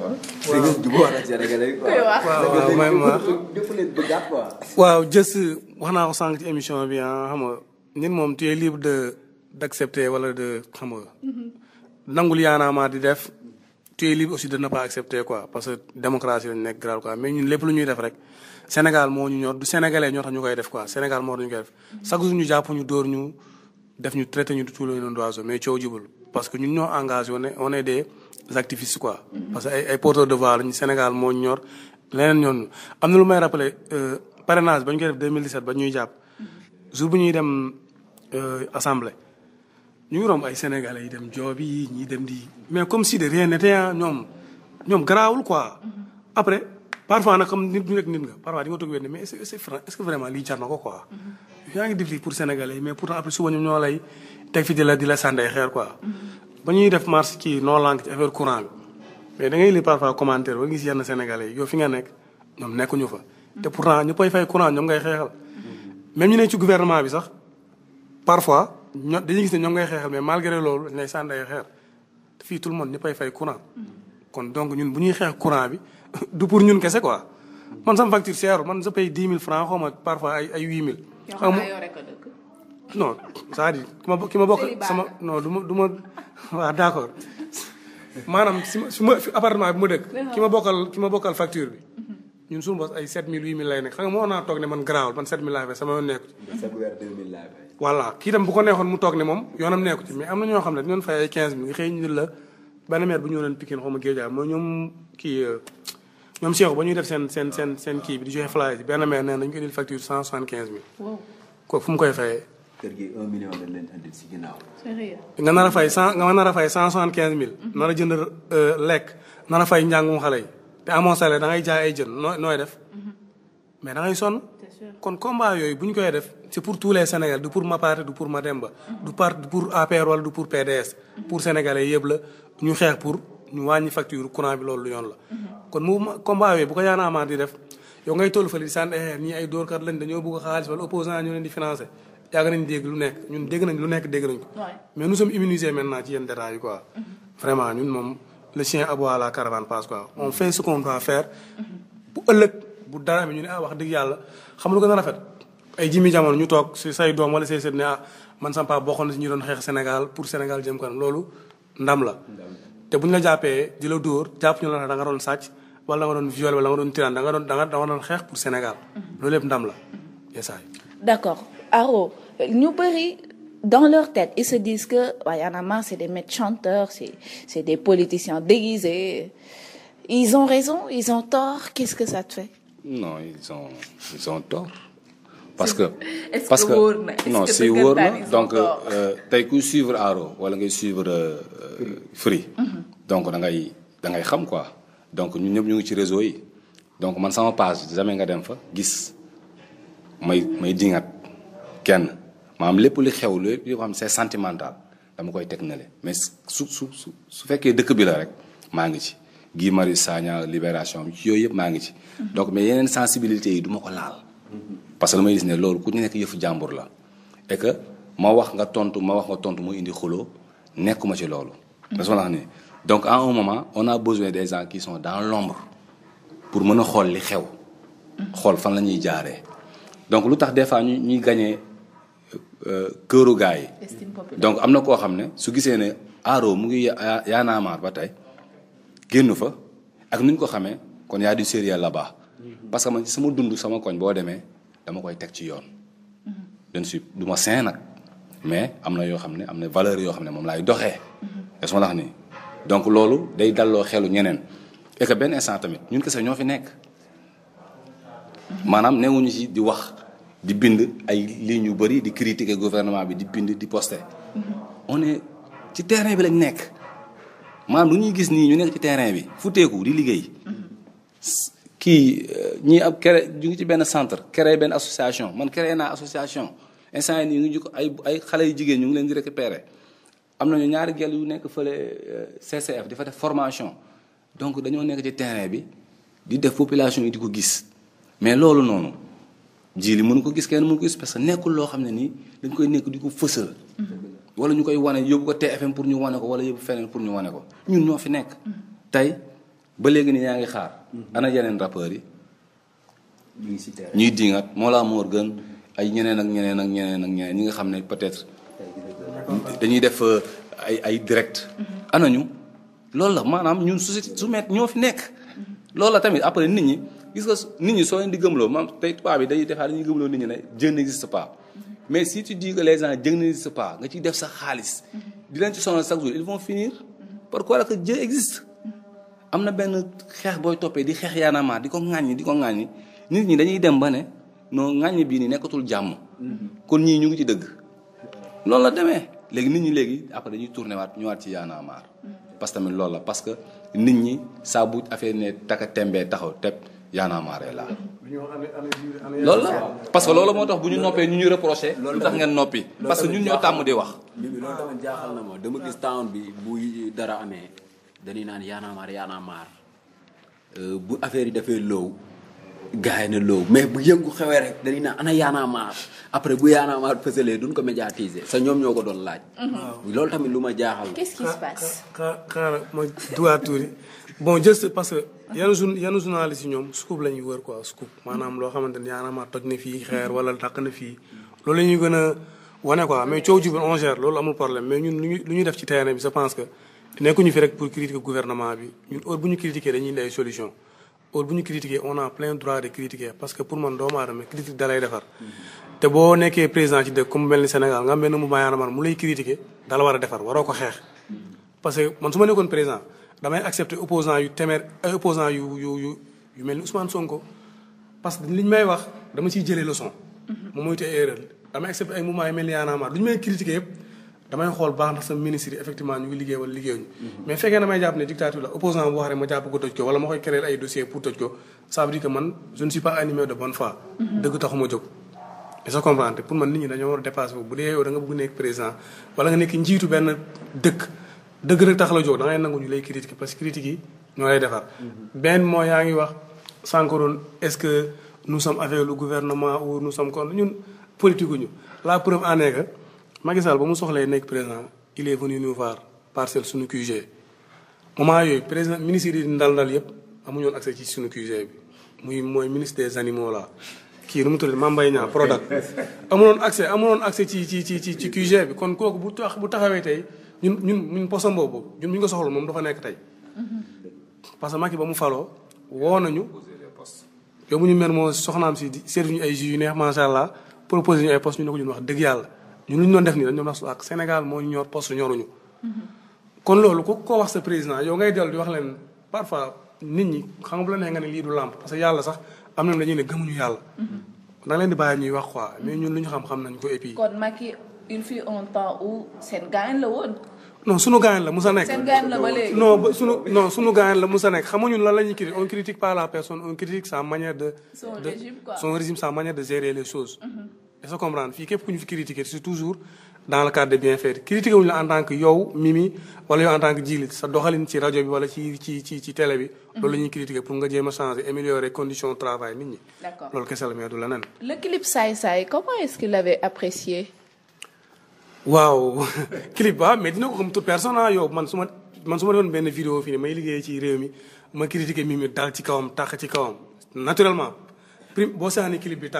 waaw da ngeen jubawaat ak sénégalais yi quoi. waaw waaw wax naa ko sànq émission bi ah xam nga nit moom tu libre de. d'accepter wala de xam nga. nangul yaanaama di def. tu es libre aussi de ne pas accepter quoi parce que démocratie lañ nekk grave quoi mais ñun lépp lu ñuy def rek Sénégal moo ñu ñor du sénégalais ñoo tax ñu koy def quoi Sénégal moo ñu koy def. chaque jour ñu jàpp ñu dóor ñu def ñu traité ñu de tout le nom d'oiseau mais coow parce que ñun ñoo engagé on est on est des activistes quoi. parce que ay ay porteurs de voix Sénégal moo ñu ñor leneen ñoon am na lu may rappelé euh, parrainage ba ñu koy def 2017 ba ñuy jàpp jour bu ñuy dem euh, assemblée. ñu ngi ay sénégalais yi dem joobi yi ñi dem di mais comme si de rien n'était ñoom ñoom garaawul quoi. Mhm. après parfois nag comme nit ñu rek nit nga parfois di nga toog wér mais est ce que ko quoi. Mhm. yaa ngi def lii pour sénégalais yi mais pourtant après ñoo lay teg la di la sànni mhm. ba ñuy def marche ci non langue ci affaire courant bi mais da ngay lire parfois commentaire ba gis yenn sénégalais yi yow fi nga nekk ñoom nekkuñu fa. te pourtant ñu koy fay courant ñoom ngay xeexal. même ñu ne ci guvernement bi sax parfois. ñoo dañuy gis ne ñoom ngay xeexal mais malgré loolu dañ lay sànni ay xeer fii tout le monde ñëppay fay courant. kon donc ñun bu ñuy xeex courant bi du pour ñun kese quoi. man sama facture seeru man je paye dix mille francs xaw ma parfois ay mille. xam nga non cest à ma bokk sama non du ma du ma waaw d'accord maanaam si ma su ma appartement bi ma dëkk. ki ma bokkal ki ma bokkal facture bi. ñun suñu bopp ay sept mille huit mille lay nekk xam nga moo naa toog ne man garaawul man sept mille laay fay sama yoon voilà kii dem bu ko neexoon mu toog ni moom yoonam nekku ci mais am na ñoo xam ne dañu ñu la benn maire bu ñoom kii euh, ba ñuy def seen seen seen kii bi di joxe flyers yi benn maire nee nañu ko indil facture 175 mu koy fayee. kër gi 1 million dañ leen indil si ginnaaw. nga a fay 100 nga nar mille. Mm-hmm. nar a jënd euh, lekk nar a fay njàngum xale yi te amoo salaire da ngay jaay ay jën nooy nooy def mm-hmm. mais da ngay sonn. kon combat yooyu bu ñu koy def. c'est pour tous les Sénégalais du pour Mapaté du pour Mademba. du par du pour APR wala du pour PDS. pour sénégalais yëpp la ñu xeex pour ñu wàññi facture courant bi loolu yoon la. kon mu combat yooyu bu ko Y'en a marre di def yow ngay toll fële di sant eh, ñii ay dóorkat lañ dañoo bëgg xaalis wala opposant ñu leen di financé. yàgg nañ dégg lu nekk ñun dégg nañ lu nekk dégg nañ ko. mais nous sommes immunisés maintenant ci yenn détails yi mm-hmm. vraiment ñun moom le chien aboie la caravane passe mm-hmm. mm-hmm. bu ëllëg bi ñu ah, wax dëgg yàlla xam lu gën a rafet. ay jimi jamono ñu toog si say doom wala say sët ne ah man sama bokkoon na ñu doon xeex Sénégal pour Sénégal jëm kanam loolu ndam la. te bu ñu la jàppee di la dóor jàpp ñu la da nga doon sàcc wala da nga doon viol wala da doon tiraan da nga doon da nga doon xeex pour Sénégal. Mhm. loolu yëpp ndam la d'accord Aro ñu bëri dans leur tête ils se disent que waaye Y'en a c'est des maîtres chanteurs c'est c'est des politiciens déguisés ils ont raison ils ont tort qu'est-ce que ça te fait. parce que parce que non si wóor na donc euh, tey kuy suivre Aro wala ngay suivre euh, Free mm-hmm. donc da ngay da ngay xam quoi donc ñun ñëpp ñu ngi ci réseau yi donc man sama page jamais nga dem fa gis may may dingat kenn maanaam lépp li xew lépp yoo xam see sentimental dama koy teg nale mais su su su su fekkee dëkk bi la rek maa ngi ci Guy Marius Sagna Libération yooyu yëpp maa ngi ci mm-hmm. donc mais yeneen sensibilité yi duma ko laal mm-hmm. parce que damay gis ne loolu ku nekk yëfu jàmbur la et que ma wax nga tontu ma wax nga tontu mu indi xuloo nekkuma ci loolu. ma la ne donc en un moment on a besoin des gens qui sont dans pour mën a xool li xew. xool fan la ñuy jaaree. donc lu tax des fois ñu ñuy gagné euh, euh, këru gaa yi. donc am na koo xam ne su gisee ne aaro mu ngi yaanaamaar ba tey génn fa ak nu ko xamee kon y a du sérieux là-bas. Mm-hmm. parce que man sama dund sama koñ boo demee. dama koy teg ci yoon. je ne suis du ma saint nag mais am na yoo xam ne am na valeur yoo xam ne moom laay doxe mm-hmm. est ce tax nii donc loolu day dalloo xelu ñeneen et que benn instant tamit ñun kese ñoo fi nekk mm-hmm. maanaam newuñu ci di wax di bind ay lignes yu bëri di critiquer gouvernement bi di bind di poster. Mm-hmm. on ci terrain bi lañ nekk maanaam lu ñuy gis nii ñu nekk ci terrain bi fu teeku di liggéey. kii ñii ab créé ñu ngi ci benn centre créé benn association man créé naa association instant yi ñu ngi juk ay ay xale yu jigéen ñu ngi leen di récupérer am nañu ñaari gel yu nekk fële euh, CCF di fa def formation donc dañoo nekk ci terrain bi di def population yi di ko gis mais loolu noonu ji li mënu ko gis kenn mënu ko gis parce que nekkul loo xam ne nii dañ koy nekk di ko fësal. Mm-hmm. wala ñu koy wane yóbbu ko TFM pour ñu wane ko wala yóbbu feneen pour ñu wane ko ñun ñoo fi nekk. Mm-hmm. tey ba léegi nii yaa ngi xaar. Mm-hmm. ana yeneen rappeurs yi. ñu ngi si terrain ñuy diingat Mollah Morgun ay ñeneen ak ñeneen ak ñeneen ak ñeneen ñi nga xam ne peut-être. dañuy def euh, ay ay direct. Mm-hmm. ana ñu loolu la maanaam ñun société su met ñoo fi nekk. Mm-hmm. loolu la tamit après nit ñi gis nga nit ñi soo leen di gëmloo maam tey tubaab bi dañuy defaat dañuy gëmloo nit ñi ne Dieu n'existe pas. mais si tu dis que les gens Dieu n'existe pas nga ciy def sa xaalis. di ci sonal chaque jour ils vont finir par croire que Dieu existe. am na benn xeex booy toppee di xeex yaanamaa di ko ŋàññi di ko ŋàññi nit ñi dañuy dem ba ne non ŋàññi bii nii nekkatul jàmm. Mm-hmm. kon ñii ñu ngi ci dëgg. loolu la demee léegi nit ñi léegi après dañuy tourné waat ñëwaat ci yaanaamaar. Mm-hmm. parce que tamit loolu la parce que nit ñi saa bu affaire ne taka tembee taxaw teb yaanaamaaree laa. loolu parce que loolu moo tax bu ñu noppee ñu ñu reproché. lu tax ngeen noppi. parce que ñun ñoo tàmm di wax. loolu tamit jaaxal na bi bu dara amee. dañuy naan yaanaamaar yaanaamaar euh, bu affaire yi dafee loow gars yi na loow mais bu yëngu xewee rek dañuy naan ana yaanaamaar après bu yaanaamaar fësalee duñ ko médiatiser sa ñoom ñoo ko doon laaj. Mm-hmm. loolu tamit lu ma jaaxal. qu'est-ce qui se passe xaar xaar ma duwaa tuuri la ñuy wër quoi scoop maanaam loo xamante ni yaanaamaar toj na fii wala dàq na fii loolu la ñuy gën a wane quoi mais coow amul problème mais lu ñuy def ci terrain bi sa pense que. nekkuñu fi rek pour critiquer gouvernement bi ñun heure bu ñu critiquer dañuy indi ay solution heure bu ñu critiquer on a plein droit de critiquer parce que pour man doomu aadama critique te boo nekkee président ci dëkk comme ni Sénégal nga am benn mouvement yaanamaan mu lay critiquer dala war a defar waroo ko xeex. parce que man su ma nekkoon président damay accepter opposant yu témér ay opposant yu yu yu mel ni Ousmane Sonko parce que ñu may wax dama ciy jëlee leçon. Mhm. mu moytu erreur damay accepter ay mouvement yu mel ni yaanamaan duñu may critiquer damay xool baax na sa ministre yi effectivement ñu ngi liggéey wala liggéeyuñu mais fekkee damay jàpp ne dictature la opposant bu wax rek ma jàpp ko tëj ko wala ma koy créer ay dossier pour tëj ko ça veut dire que man je ne suis pas animé de bonne foi mm-hmm. dëgg nit ñi dañoo war a dépassé bu dee yow da nga bëgg nekk président wala nga nekk njiitu benn dëkk dëgg rek tax la jóg da ngay nangu ñu lay critiquer parce que critiques yi ñoo lay defar mm-hmm. benn moo yaa ngi wax sànqroon est-ce que nous sommes avec le gouvernement ou nous sommes contre ñun politique ñu la preuve en est que Macky Sall ba mu soxlee nekk président il est venu nous voir parcelle suñu QG moment yooyu président ministre yi ndal-ndal yëpp amuñu woon accès ci suñu QG bi muy mooy ministre des animaux kii nu mu tudd Mame Mbaye Niang Prodac amuloon accès amuloon accès ci ci ci ci ci QG bi kon kooku bu tax bu taxawee tey ñun ñun ñun posam boobu ñun ñu ko soxla moom dafa nekk tey. parce que Macky ba mu falo woo nañu. yow mu ñu mer moo soxnaam si di seetuñu ay jus yu neex macha allah proposé ñu ay ñu ne ko wax dëgg yàlla. ñun lu ñu doon def nii dañu doon wax ak Sénégal moo ñu ñor poste ñoruñu. kon loolu ku ko wax sa président yow ngay dellu di wax leen parfois nit ñi xam nga la nee nga ne lii du làmp yàlla sax am nañu dañuy ne gëmuñu yàlla. Mm-hmm. da leen di ñuy wax quoi mais ñun lu ñu xam xam nañ ko et puis. kon Macky il fut un temps où seen gaañ la woon. non sunu gaañ gaañ la ba léegi. nekk xam la ñuy critique on critique pas la personne on critique sa manière de. son régime quoi sa manière de gérer les choses. Mm-hmm. est comprendre fii képp ku ñu fi critiquer c'est toujours dans le cadre de bien faire critiquer wuñu la en tant que yow Mimi wala yow en tant que Djily sa doxalin ci rajo bi wala ci ci ci ci télé bi. Mhm. loolu la ñuy critiquer pour nga jéem a changer améliorer condition travail nit ñi. d'accord loolu kese la mais du leneen. le clip Saay Saay comment est-ce que vous l'avez apprécié. waaw clip ba mais dina ko xam toute personne ah yow man su ma man su ma defoon benn vidéo fii nii may liggéeyee ci réew mi ma critiquer Mimi dal ci kawam tax ci kawam naturellement prime boo saani clip bi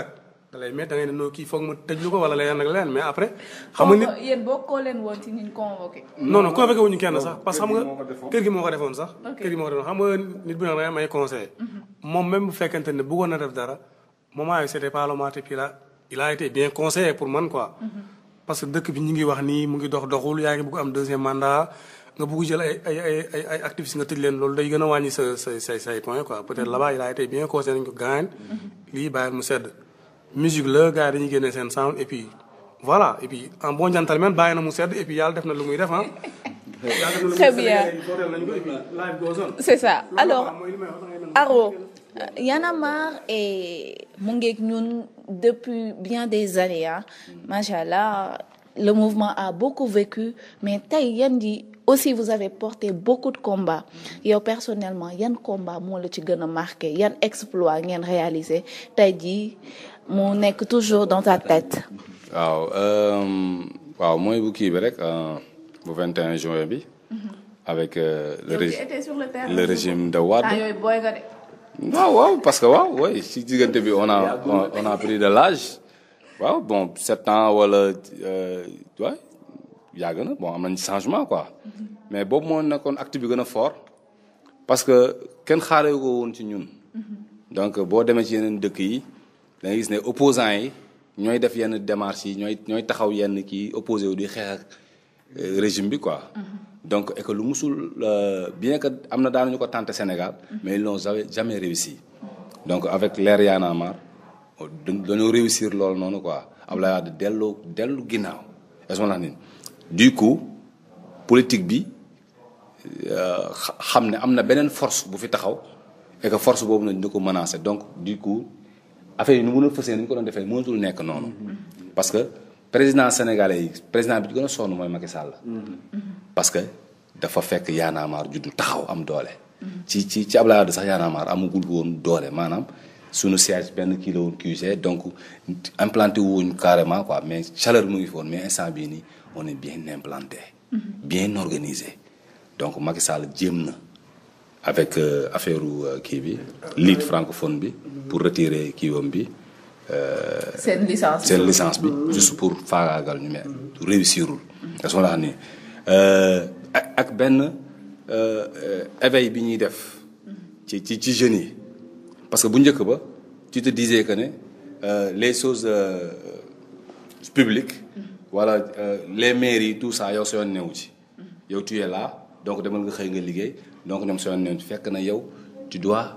da lay métti da ngay ne kii foog ma tëjlu ko wala leneen ak leneen mais après. xam nga nit yéen boo koo leen woon ci ñu kenn sax parce que xam nga moo ko defoon sax. kër gi moo ko defoon mhm. fekkente ne bëggoon na def dara moment yii c'était pas man quoi. Mhm. parce que dëkk bi ñu ngi wax nii mu ngi dox doxul yaa ngi bëgg am deuxième mandat. nga bugg jël ay ay ay ay activistes nga tëj leen loolu day gën a wàññi sa sa say say point quoi peut-être mhm. là-bas il a été bien conseillé nañu ko gaañ. mu sedd. musique la gars yi dañuy génne seen voilà et puis en bon gentleman bàyyi na mu sedd yàlla def na lu muy def ah. très bien c'est ça alors Aro Y'en a marre et mu ngeeg ñun depuis bien des années ah macha allah le mouvement a beaucoup vécu mais tey yan ji aussi vous avez porté beaucoup de combats yow personnellement yan combat moo la ci gën a marqué yan exploit ngeen réalisé tey jii. mu nekk toujours dans ta tête. waaw euh, waaw mooy bu kii bi rek euh, bu 21 juin bi. Mhm. avec euh, le, rég... le, régime de Wade. waaw waaw parce que waaw oui si diggante bi on a pris de lage waaw bon sept ans wala waay na bon am nañ changement quoi mhm. mais boobu moo nekkoon acte bi gën a fort parce que kenn xaaree ko woon ci ñun mhm. donc boo demee ci yeneen dëkk yi da gis ne opposants yi ñooy def yenn démarches yi ñooy ñooy taxaw yenn kii opposé wu di xeex ak euh, régime bi quoi. Mm-hmm. donc et que lu musul euh, bien que am na daanuñu ko tenté Sénégal. Mm-hmm. mais ils n'ont jamais réussi. donc avec l'air Y'en a réussir loolu noonu quoi Abdoulaye Wade delloo dellu ginnaaw est-ce que ni du coup politique bi euh, xam ne am na beneen force bu fi taxaw et force boobu nag ñu ko menacé donc du coup affaire yi nu mun a fësee ni ñu ko doon defee mënatul nekk noonu. parce que président sénégalais yi président bi ci gën mooy Macky Sall. parce que dafa fekk yaanaamaar a marre taxaw am doole. ci ci ci Abdoulaye sax Y'en a marre amagul woon doole maanaam suñu siège benn kii la woon QG donc implanté wuñ carrément ko mais chaleur mu ngi fi mais instant bii nii on est bien implanté. bien organisé donc Macky Sall jéem na. avec euh, affaire euh, kii bi lead francophone bi pour retirer kiiwam bi. Euh, seen licence seen licence bi juste pour faagaagal ñu mais mm-hmm. réussirul. parce que xam ne ak benn éveil bi ñuy def. ci ci ci jeunes yi parce que bu njëkk ba tu te disais que ne les choses publique wala mm-hmm. les mairies tout ça yow sa yoon newu ci yow tu es donc demal nga xëy nga liggéey. donc ñoom soo leen fekk na yow tu dois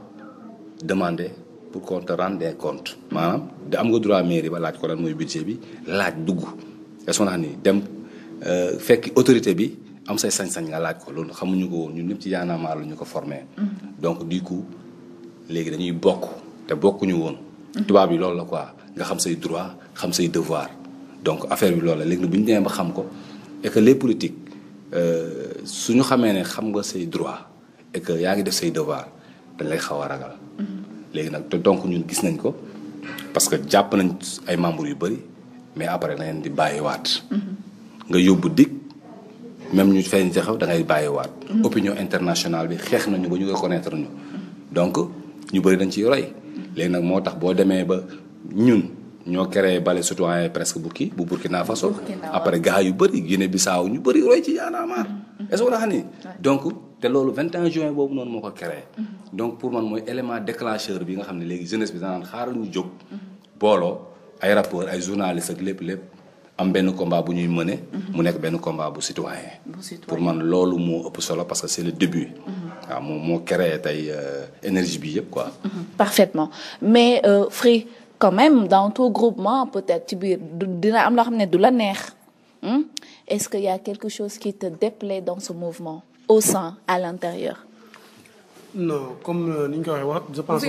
demander pour qu'on te rende des comptes. maanaam da am nga droit mairie ba laaj ko lan mooy budget bi laaj dugg est-ce que ni dem euh, fekk autorité bi am say sañ-sañ nga laaj ko loolu xamuñu ko woon ñun ñëpp ci yaanaamaar la ñu ko formé. Mm-hmm. donc du coup léegi dañuy bokk te bokkuñu woon. Mm-hmm. tubaab yi loolu la quoi nga xam say droit xam say devoir donc affaire bi lool la léegi bu ñu demee ba xam ko et que les politiques euh, su ñu xamee ne xam nga say droit et yaa ngi def sey devoir dañ lay xaw a ragal. léegi nag te donc ñun gis nañ ko parce que jàpp nañ ay membres yu bëri mais après na leen di waat nga yóbbu dig même ñu feeñ ca xew da ngay bàyyiwaat. opinion internationale bi xeex nañu ba ñu reconnaître ñu. donc ñu bëri dañ ci roy. léegi nag moo tax boo demee ba ñun ñoo bale Balai Citoyen presque bu kii bu Burkina Faso. après gars yu bëri Guinée Bissau ñu bëri roy ci Y'en est-ce te loolu 21 juin boobu noonu moo ko créé. Mm-hmm. donc pour man mooy élément déclencheur bi nga xam ne léegi jeunesse bi danaan xaaral ñu jóg. Mm-hmm. booloo ay rapport ay journalistes ak lépp lépp am benn combat bu ñuy mëne mm-hmm. mu nekk benn combat bu citoyen pour man loolu moo ëpp solo parce que c'est le début. waaw moom moo créé tey euh, énergie bi yëpp quoi. parfaitement mais euh, Free quand même dans tout groupement peut-être ci biir dina am la xam ne du la neex hmm? est-ce que y a quelque chose qui te déplaît dans ce au sein à l'intérieur non comme euh, ni ñu ko waxee je pense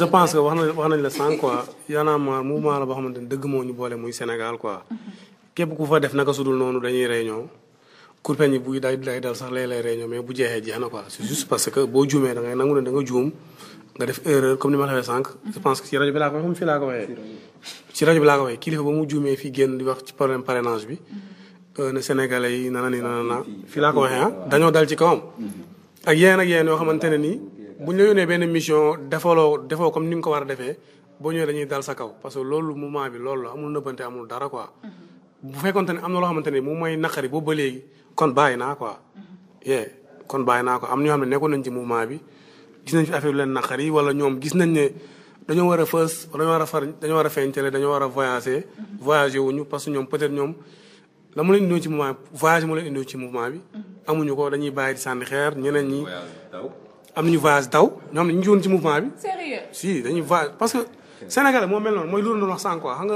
je pense que wax na wax nañ la sànq quoi Y'en a marre mouvement la boo xamante ne dëgg moo ñu boole muy Sénégal quoi képp ku fa def naka sudul noonu dañuy réunion kurpeñ yi buy day day dal sax lay léeg réunion mais bu jeexee jeex na quoi c'est juste parce que boo juumee da ngay nangu ne da juum nga def erreur comme ni ma la waxee sànq je pense que ci rajo bi laa ko waxee fii ko kilifa ba mu juumee fii génn di wax ci problème parrainage bi Euh, ne sénégalais yi nana ni nana na ah, fii laa ko waxee ah dañoo dal ci kawam. Mm-hmm. ak yeneen ak yoo xamante ne ni bu ñu la yónnee benn mission defaloo defoo comme ni nga ko war a defee boo ñëwee dañuy dal sa kaw parce que loolu moment bi loolu la amul nëbbante amul dara quoi. Mm-hmm. bu fekkonte ne am na loo xamante ne moom mooy naqari boobu ba léegi kon bàyyi naa quoi. Mm-hmm. yee kon bàyyi naa ko am ñoo xam ne nekkoon nañ ci mouvement bi gis nañ fi affaire yu leen naqari wala ñoom gis nañ ne dañoo war a fës dañoo war a far dañoo war a feeñtale a voyager. voyager wuñu parce que ñoom peut-être la mu leen indoo ci mouvement voyage mu leen indoo ci bi. Mm-hmm. amuñu ko dañuy bàyyi di sànni xeer ñeneen ñi. am nañu voyage daw ñoo xam ne ñu ngi woon ci mouvement bi. sérieux si dañuy parce que. Sénégalais moo mel noonu mooy loolu doon wax sànq quoi xam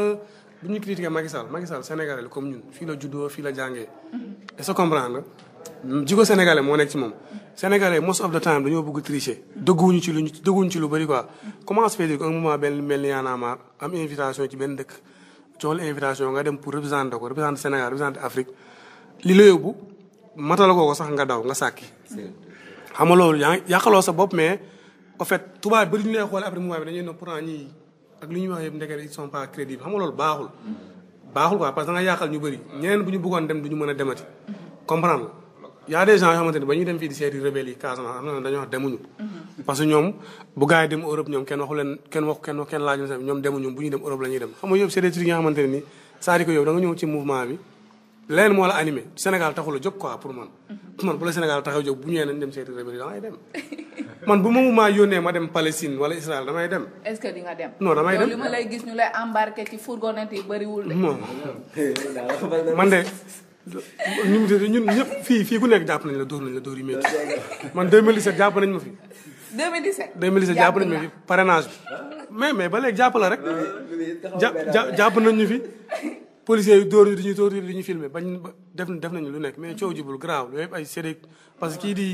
ñu critiqué Macky Sall Macky Sall Sénégalais comme ñun fii la juddoo fii la jàngee. Mm-hmm. est ce que comprendre nga jiko moo nekk ci moom. Sénégalais most of the time dañoo bëgg tricher. Mm-hmm. dëgguwuñu ci lu dëgguwuñu ci lu bëri quoi. comment se fait-il que un mel ni Y'en a am invitation ci benn dëkk jox invitation nga dem pour représenter ko représenter Sénégal représenter Afrique li la yóbbu matala ko ko sax nga daw nga sàkki. xam nga loolu yaa yàqaloo sa bopp mais en fait tubaab bi ñu ne xool après moment bi dañuy ne pourtant ñii ak li wax yëpp ndekete ils sont pas crédibles xam nga baaxul. baaxul quoi que da nga yàqal ñu bëri ñeneen bu ñu bëggoon dem du ñu mën a demati comprendre y a des gens yoo xamante ba ñuy dem fii di seeti rebelle yi Casamance am na dañoo wax demuñu. parce ñoom bu yi dem Europe ñoom kenn waxu leen kenn wax kenn kenn laaj na ñoom demuñu bu ñuy dem Europe la dem xam nga yow yi nga xamante ne nii cest yow da ñëw ci mouvement bi leneen moo la animé Sénégal taxul a jóg quoi pour man. Mhm. man bu la Sénégal taxaw jóg bu ñëwee nañ dem seeti rebelle yi damay dem. man bu ma maa yónnee ma dem Palestine wala Israël damay dem. est-ce que di nga ñu mu tudd ñun ñëpp fii fii ku nekk jàpp nañ la door nañ la dóor yu métti man 2017 jàpp nañ ma fi. 2017 2017 jàpp nañ ma fi parrainage bi. mais mais ba léegi jàpp la rek. jàpp nañ ñu fi. policiers yi dóor yi di ñu dóor di ñu filmé bañ def def nañu lu nekk mais coow jubul grave loolu yëpp ay sédé parce que kii di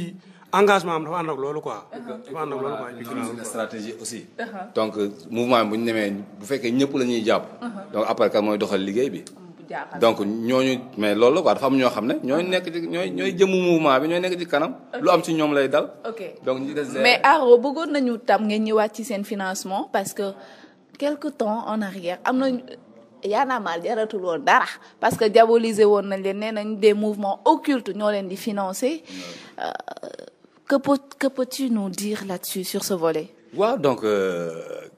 engagement am dafa ànd loolu quoi. dafa ànd ak loolu quoi utilisé aussi. Uh-huh. donc euh, mouvement bu ñu demee bu fekkee ñëpp la ñuy jàpp. Uh-huh. donc après kat mooy doxal liggéey bi. donc ñooñu mais loolu quoi dafa ñoo xam ne ñooy uh-huh. nekk ci ñooy ñooy jëmu mouvement bi ñooy nekk ci kanam. lu am ci ñoom lay dal. donc euh, mais Aro bëggoon nañu tam ngeen ñëwaat ci seen financement parce que quelque temps en arrière am na. Y'en a marre jaratul woon dara parce que diabolisé woon nañ leen nee nañ des mouvements occultes ñoo leen di financer euh, que peut que peux-tu nous dire là-dessus sur ce volet waaw donc euh,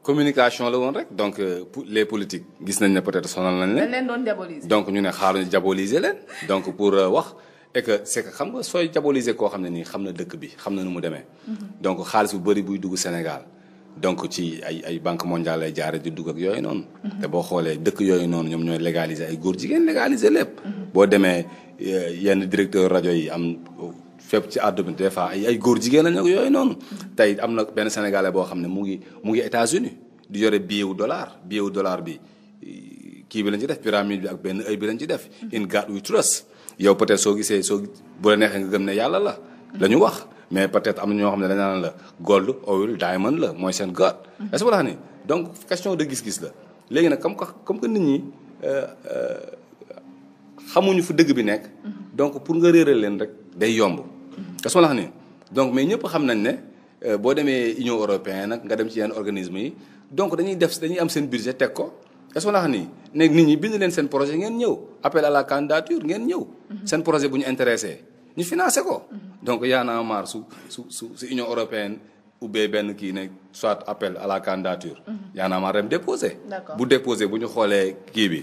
communication la woon rek donc euh, pour les politiques gis nañ ne peut-être sonal nañ leen. leen donc ñu ne xaaruñu diaboliser leen donc pour euh, wax et que xam nga sooy diaboliser koo xam ne nii xam na dëkk bi xam na nu mu demee. Mm-hmm. donc xaalis bu bëri buy dugg Sénégal. donc ci ay ay banque mondiale lay jaare di dugg ak yooyu noonu. Mm-hmm. te boo xoolee dëkk yooyu noonu ñoom ñooy légaliser ay góor jigéen légaliser lépp. Mm-hmm. boo demee euh, yenn directeur rajo yi am fépp ci àdduna bi des fois ay ay góor jigéen lañ ak yooyu noonu tey am na benn sénégalais boo xam ne mu ngi mu ngi États-Unis di yore billet wu dollar billet wu dollar bi kii bi lañ ci def pyramide bi ak benn ay bi lañ ci def. in God we trust yow peut-être soo gisee soo bu la neexee nga gëm ne yàlla la. la ñu wax mais peut-être am na ñoo xam ne dañ naan la gold oil diamond la mooy seen God. est-ce que la ni de gis-gis la léegi nag comme que comme que nit ñi euh, euh, xamuñu fu dëgg bi nekk. donc pour nga réeral leen rek day yomb. parce que la xam donc mais ñëpp xam nañ ne euh, boo demee Union européenne nag nga dem ci yenn organisme yi donc dañuy def dañuy am seen budget teg ko. est-ce que xam ni nag ñi bind leen seen projet ngeen ñëw appel à la candidature ngeen ñëw. seen projet bu ñu intéressé ñu financé ko. donc yaa a marre su su su su Union européenne ubbee benn kii ne soit appel à la candidature. Y'en a marre dem déposé. bu déposé bu ñu xoolee kii bi.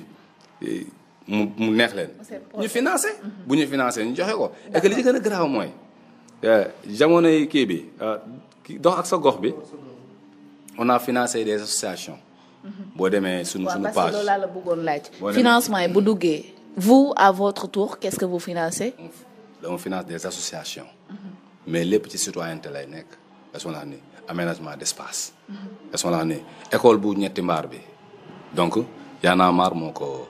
mu mu neex leen. ñu financé. Mhm. bu ñu financé ñu joxe ko. et li ci gën a garaaw mooy euh, jamono yi kii bi euh, dox ak sa gox bi on a financé des associations. Mhm. boo demee suñu suñu page waaw la bëggoon laaj. financement yi bu duggee vous à votre tour qu'est-ce que vous financez. dama finance des associations. Mhm. mais lépp ci citoyenneté lay nekk. est-ce que ni aménagement d'espace. est-ce que ni école bu ñetti mbaar bi. donc Y en a marre moo ko.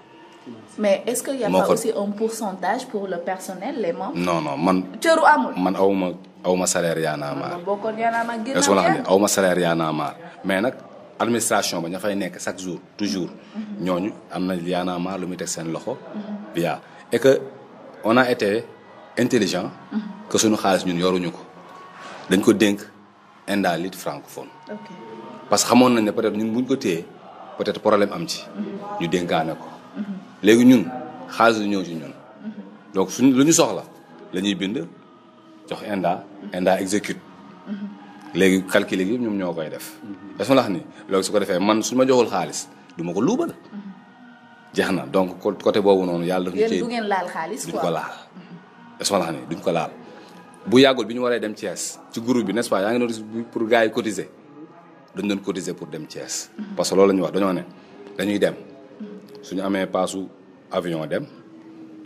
mais est-ce que y a pas aussi un pourcentage pour le personnel les membres. non non man. man aw ah, ma aw ma salaire yaa naa maar. man bokkoon yaa naa maar aw ma salaire mais nag administration ba ña fay nekk chaque jour toujours. Mm-hmm. ñooñu am na yaa naa maar lu muy teg seen loxo. bien mm-hmm. et que on a été intelligent. Mm-hmm. que suñu xaalis ñun yoruñu ko. dañ ko dénk indaalite francophone. parce que xamoon nañ ne peut-être ñun buñ ko téye peut-être problème am ci. ñu dénkaane ko. léegi ñun xaalis du ñëw ci mm-hmm. donc suñ lu ñu soxla la ñuy bind jox inda inda exécute mm-hmm. léegi calculer gi ñoom ñoo koy def mm-hmm. dafa la wax ni loolu su ko defee man suñu ma joxul xaalis du ma ko luubal jeex na donc côté boobu noonu yàlla daf ñu cee du ngeen laal xaalis duñ ko laal dafa la wax ni duñ ko laal bu yàggul bi ñu waree dem Thiès ci groupe bi n'est-ce pas yaa ngi doon pour gars yi cotiser dañ doon cotiser pour dem Thiès parce que loolu la ñuy wax dañoo ne dañuy dem suñu amee paasu avion dem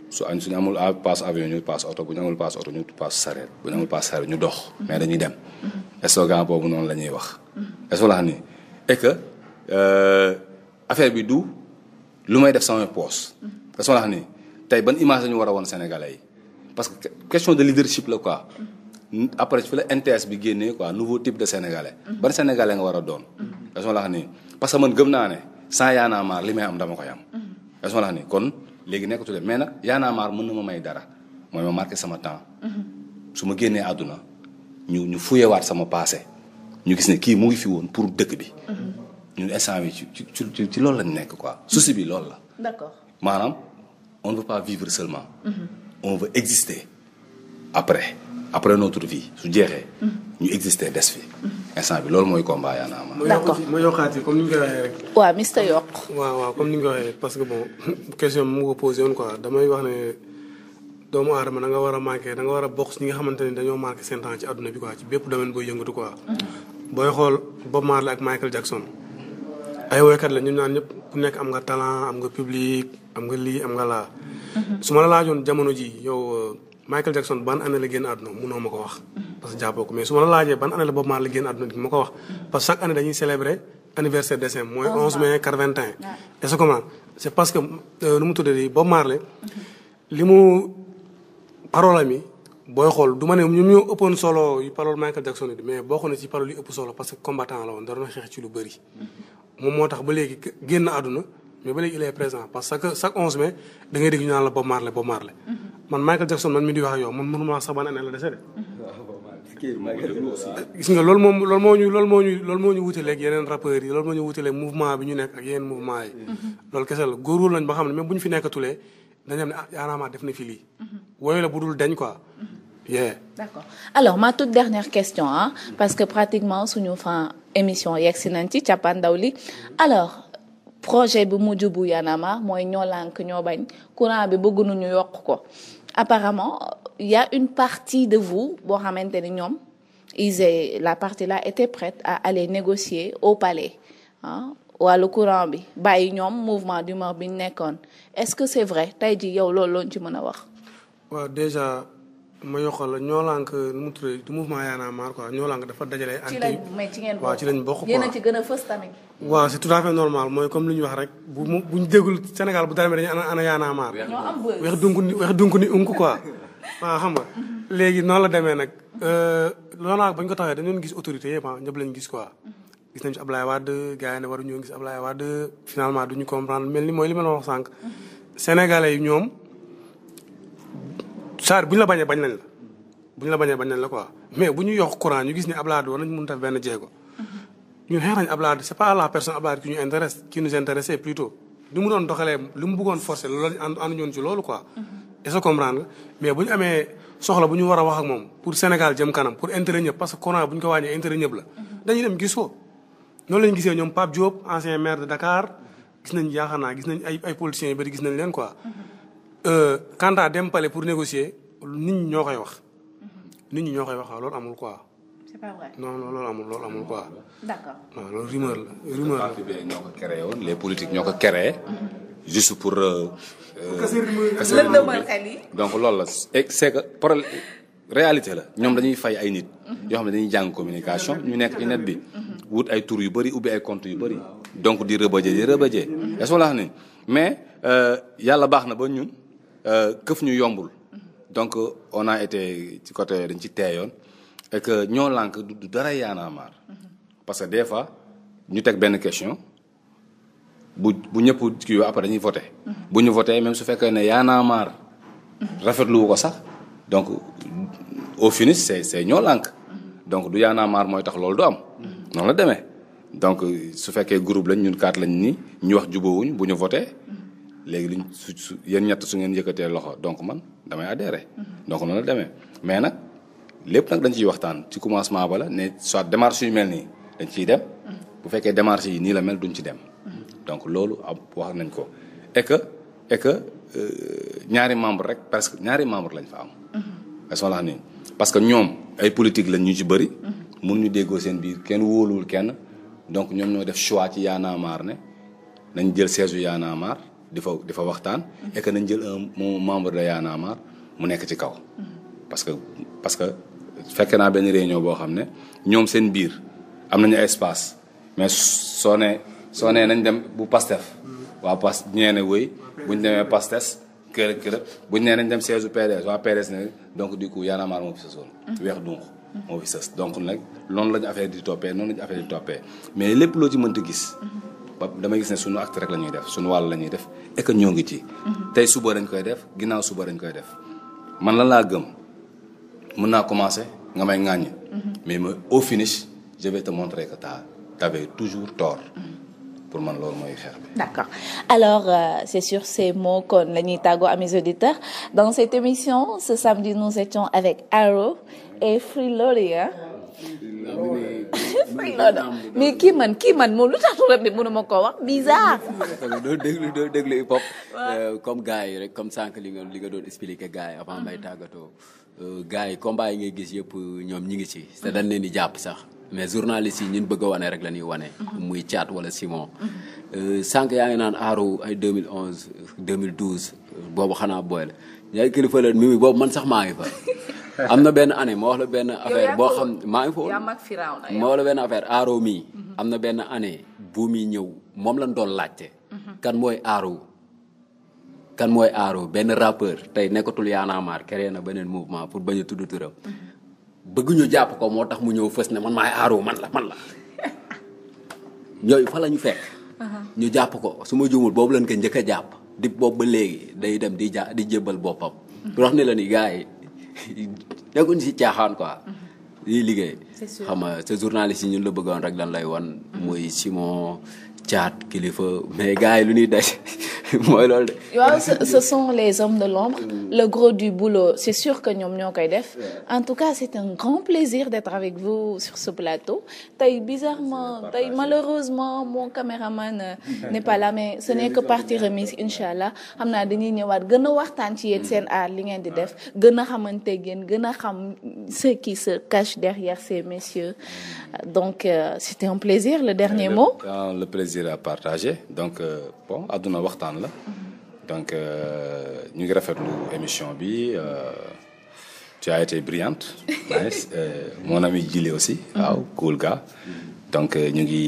su añ suñu amul paas avion ñu paas oto bu ñu amul paas oto ñu paas sareet bu ñu amul paas sareet ñu dox mais dañuy dem mhm. slogan boobu noonu la ñuy wax mhm. est-ce que ni et euh, affaire bi du lu may def sama poos mhm. est que ni tey ban image lañu war a woon sénégalais yi parce que question de leadership la quoi après fi la NTS bi génnee quoi nouveau type de sénégalais ban sénégalais nga war a doon est-ce que ni parce man gëm naa ne sans Y'en a marre li may am dama koy am. Mhm. est-ce que ma kon léegi nekkatul mais nag Y'en a mën na ma may dara mooy ma marqué sama temps. Mhm. su ma génnee àdduna ñu ñu waat sama passé ñu gis ne kii mu ngi fi woon pour dëkk bi. Mhm. ñu instant bi ci ci ci ci loolu lañ nekk quoi souci bi lool la. d'accord maanaam on ne veut pas vivre seulement. on veut exister après après notre vie su jeexee. ñu exister des fi. instant bi loolu mooy combat Y'en a marre. d'accord ma comme ni ñu koy rek. waaw Mister Yokk. waaw waaw comme ni ñu koy parce que bon question bi mu ko posé woon quoi damay wax ne doomu aadama da nga war a manqué da nga war a bokk si ñi nga xamante ne dañoo marqué seen temps ci àdduna bi quoi ci bépp domaine booy yëngatu quoi. Mm-hmm. booy xool Bob Marley ak Michael Jackson. ay woykat la ñu naan ñëpp ku nekk am nga talent am nga public am nga lii am nga laa. Mm-hmm. su ma la laajoon jamono ji yow. Euh, Michael Jackson ban année la génn àdduna munoo ma que jàppoo ko mais su ma la laajee ma ko wax. parce que chaque année dañuy célébrer anniversaire décès mooy 11 mai 81. est-ce comment c'est parce que euh, nu mu tuddati Bob Marley li mu parole am yi booy xool du ma ne ñun ñoo ëppoon solo yu parole Michael Jackson yi mais boo xoolee ci parole yu ëpp solo parce que combattant la woon dara na xeex ci lu bëri. moom moo tax ba léegi génn adduna mais ba léegi il présent parce que chaque 11 mai da ngay dégg ñu naan la Bob Marley Bob Marley. man Michael Jackson man mi di wax ak yow man mënuma sax ban année la dese de. gis loolu moom loolu moo ñu loolu moo ñu moo ñu wutaleeg yeneen rappeurs yi loolu moo ñu wutaleeg mouvement bi yi. loolu kese la góorgóorlu lañ ba xam ne même bu ñu fi nekkatulee dañu am ne ah yaanaama def na fi lii. la bu dul dañ quoi. Yeah. D'accord alors ma toute dernière question parce que pratiquement suñu fin émission yegg si nañ ci càppaandaw li alors projet bu mujj bu yanama mooy ñoo lànk ñoo bañ courant bi ko apparemment il y a une partie de vous boo xamante ni ñoom ils la partie la était prête à aller négocier au palais ah wàllu courant bi bàyyi ñoom mouvement d'humeur bi ñu nekkoon est-ce que c'est vrai tey jii yow loolu loon ci mën a wax. ma yokkal la ñoo lànk nu mu tuddee du mouvement Y'en a marre quoi ñoo dafa dajale. anti ci lañ bokk waaw ci lañ bokk quoi c'est tout à fait normal mooy comme li ñu wax rek bu mu bu ñu déggul Sénégal bu dara dañuy ana ana Y'en a marre. ñoo am bëri wax dungu ni wax xam nga léegi noonu la demee nag. Euh, loolu nag bañ ko taxee dañu doon gis autorité yëpp ah ñëpp lañ gis quoi. gis nañu ci waa Wade gars yi ne waruñu woon gis Ablaye Wade finalement duñu comprendre mel ni mooy li ma la wax sànq. Mm-hmm. Sénégalais yi ñoom saar bu ñu la bañee bañ nañ la bu ñu la bañee bañ nañ la quoi mais bu ñu yokk courant ñu gis ne Ablaye war nañ mun def benn jéego ñun xeex nañ Ablaye c'est pas la personne Ablaye qui nous intéresse qui mu doon doxalee li mu bëggoon loolu lañ ànd mm-hmm. mais bu ñu amee soxla bu ñu war a wax ak moom pour Sénégal jëm kanam pour intérêt ñëpp parce que courant bu ñu ko wàññee intérêt ñëpp la mm-hmm. dañuy dem gis ko noonu lañu gisee ñoom Pape Diop ancien maire de Dakar gis nañ yaakaar naa gis nañ ay ay politiciens yu bëri gis nañ leen quoi mm-hmm. quant euh, à dem palais pour négocier nit ñi ñoo koy wax. Mhm. nit ñi ñoo koy wax waaw loolu amul quoi. c'est loolu amul loolu amul quoi. d'accord loolu rumeur la rumeur la. ñoo ko créé woon les politiques ñoo ko créé. Mhm. juste pour. Euh, euh, lëndëmal xel yi donc loolu la c'est que problème réalité la ñoom dañuy fay ay nit. Mhm. yoo xam ne dañuy jàng communication ñu nekk ci net bi. wut ay tur yu bëri ubbi ay comptes yu bëri. donc di rëbëjee di rëbëjee. est-ce que mais yàlla baax na ba ñun. Euh, këf ñu yombul. donc on a été ci côté dañ ci teeyoon et ñoo lànk du dara yaanaa maar parce que des fois ñu teg benn question bu bu ñëpp kii après dañuy voté. bu ñu voté même su fekkee ne yaanaa maar rafetlu ko sax donc au finish c'est ñoo lànk donc du yaanaa maar mooy tax loolu du am. noonu la demee donc su fekkee groupe lañ ñun kaat lañ ni ñu wax jubóowuñ bu ñu voté. léegi liñ su su yéen ñett su ngeen yëkkatee loxo donc man damay adhéré. donc noonu la demee mais nag lépp nag dañ ciy waxtaan ci commencement ba ne soit démarche yu mel nii dañ ciy dem. bu fekkee démarche yi nii la mel duñ ci dem. donc loolu ab wax nañ ko et que et que euh, ñaari membre rek presque ñaari membre lañ fa am. est la parce que ñoom ay politique lañ ñu ci bëri. ñu déggoo seen biir kenn wóoluwul kenn donc ñoom ñoo def choix ci yaanaamaar ne nañ jël siège yu yaanaamaar di fa di waxtaan. Mhm. ekk que nañ jël un membre de Y'en a mu nekk ci kaw. Mhm. parce que parce que fekkee naa benn réunion boo xam ne ñoom seen biir am nañu espace mais soo nee soo nañ dem bu Pastef. Mhm. waa Past ñee ne wëy bu ñu demee Pastef kër kër bu ñu nee nañ dem siège PDS waa PDS ne donc di coup Y'en a marre moo fi sësoon. weex dunq moo fi sës donc nag noonu lañu affaire di toppee noonu lañu affaire di toppee mais lépp loo ci mënta gis. ba damay gis ne sunu acte rek la ñuy def sunu wàll la ñuy def. et que ñoo ngi ci. Mm-hmm. tey suba dañ koy def ginnaaw suba dañ koy def man lan laa gëm mën naa commencer nga may ŋàññ. Mm-hmm. mais ma au finish je vais te montrer que t'as toujours tort. Mm-hmm. pour man loolu mooy xeex bi. d'accord alors euh, c'est sur ces mots kon la ñuy tàggoo à mes auditeurs dans cette émission ce samedi nous étions avec Arro et Free Lori non non mais kii man kii man moom lu tax turam bi mënuma koo wax bizarre. doo déglu doo déglu hip hop. Euh, comme gars yi rek comme sànq li nga li nga doon expliquer gars yi avant may tàggatoo. Euh, gars yi combat yi ngay gis yëpp ñoom ñi ngi ci. te dañ leen di jàpp sax. mais journaliste yi ñun bëgg a wane rek la ñuy wane. Mhm. muy Thiat wala Simon. Mhm. Euh, sànq yaa ngi naan aaru ay 2011 2012 boobu xanaa booy la yaay kilifa la mi boobu man sax maa ngi fa. am na benn année ma wax la benn affaire boo xam maa ngi foofu ma wax la benn affaire aaro mii mhm. am na benn année bu muy ñëw moom lañ doon laajte mhm. kan mooy aaro kan mooy aaro benn rappeur tey nekkatul Y'en a marre créé na beneen mouvement pour bañ a tudd turam mhm. bëgg jàpp ko moo tax mu ñëw fës na man maay aaro man la man la ñooyu fa la ñu fekk ñu jàpp ko su ma juumul boobu lañ ko njëkk jàpp di boobu ba léegi day dem di ja di jébbal boppam wax ne la ni gars yi nekkuñ si caaxaan quoi. lii mm-hmm. liggéey. c'est sûr xam nga sa journaliste yi ñun la a rek lan lay wan. Mm-hmm. muy Simon. caat kilifa mais gars yi lu ñuy daj mooy loolu les hommes de l'ombre mm. le gros du boulot c'est ñoom ñoo koy def. en tout cas c'est un grand plaisir d'être avec vous sur ce plateau tey bizarrement tey malheureusement mon caméraman euh, n'est pas là mais ce n'est que partie remise incha allah xam naa dañuy ñëwaat gën a waxtaan ci yéen seen aar li ngeen di def mm. gën a xamante ngeen gën a xam ce qui se cache derrière ces messieurs mm. donc euh, c'était un plaisir le dernier mot. plaisir à partager donc euh, bon àdduna waxtaan la donc euh, ñu ngi rafetlu émission bi euh, tu as été brillante nice mon ami Jilé aussi mm-hmm. waaw cool donc ñu ngi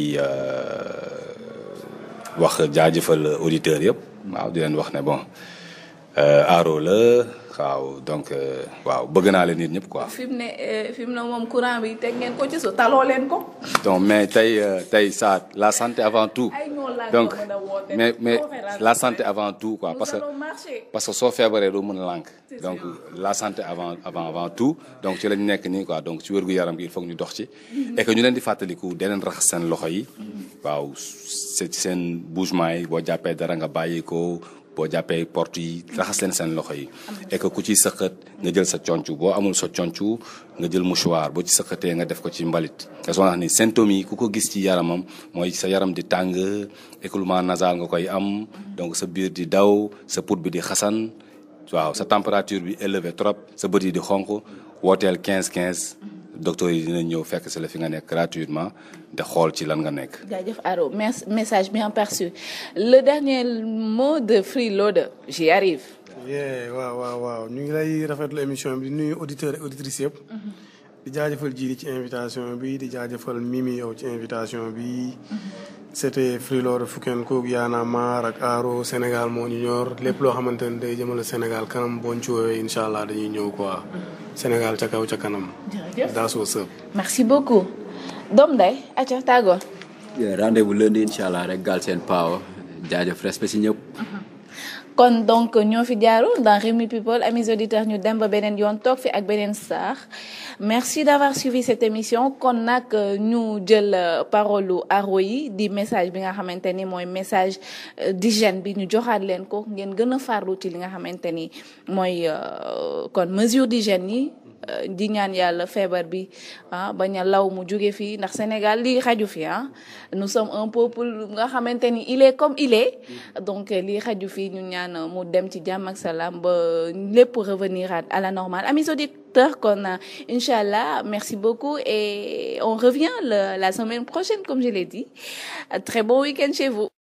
wax jaajëfal auditeurs yëpp waaw di leen wax ne bon aaro la waaw donc euh, waaw bëgg naa leen nit ñëpp quoi. Euh, fi mu ne moom courant bi teg ngeen ko ci so taloo leen ko. donc mais tey euh, tey ça la santé avant tout. donc mais mais la santé avant tout quoi parce que parce que soo feebaree doo mën a lànk donc la santé avant avant avant tout donc ci lañ nekk nii quoi donc ci wér gu yaram gi foog ñu dox ci. Mhm. et ñu leen di fàttaliku deneen rax seen loxo yi. Mhm. waaw seen bougement yi boo jàppee dara nga bàyyi ko. boo jàppee porte yi raxas leen seen loxo yi et ku ci sëqat nga jël sa conc boo amul sa conc nga jël mouchoir boo ci sëqatee nga def ko ci mbalit te soo wax ni symptômes yi ku ko gis ci yaramam mooy sa yaram di tàng écoulement nasal nga koy am donc sa biir di daw sa put bi di xasan waaw sa température bi élevée trop sa bët yi di xonq wooteel quinze quinze docteur yi dinañ ñëw fekk si la fi nga nekk gratuitement de xool ci lan nga nekk. jaajëf Aro message bien perçu le dernier mot de Free Loader j'y arrive. waaw waaw waaw ñu ngi lay rafetlu émission bi nuyu auditeurs et auditrices yëpp. Mm-hmm. di jaajëfal Djily ci invitation bi di jaajëfal Mimi yow ci invitation bi c'était Frilor Foukenkoog Y'en a marre ak Aaro Sénégal moo ñu ñor lépp loo xamante ne day jëmale Sénégal kanam boo ñu ci woowee allah dañuy ñëw ko Sénégal ca kaw ca kanam. jërëjëf daa soo sëb. merci beaucoup. Dom Ndeye allah rek Galsen Power jaajëf respect si ñëpp. Uh-huh. kon donc ñoo fi jaaroo dans Rewmi People amis auditeurs ñu dem ba beneen yoon toog fi ak beneen star merci d'avoir suivi cette émission kon nag ñu jël euh, parole lu yi di message bi nga xamante ni mooy message di euh, d'hygiène bi ñu joxaat leen ko ngeen gën a farlu ci li nga xamante ni mooy euh, kon mesure d'hygiène yi Euh, di ñaan yàlla feebar bi ah bañ a law mu joge fii ndax Sénégal lii xaju fi ah nous sommes un peuple nga xamante ni il est comme il est donc eh, lii xaju fii ñu ñaan mu dem ci jàmm ak salaam ba lépp revenir à la normale amis auditeurs kon euh, inchallah merci beaucoup et on revient le, la semaine prochaine comme je l'ai dit très bon week chez vous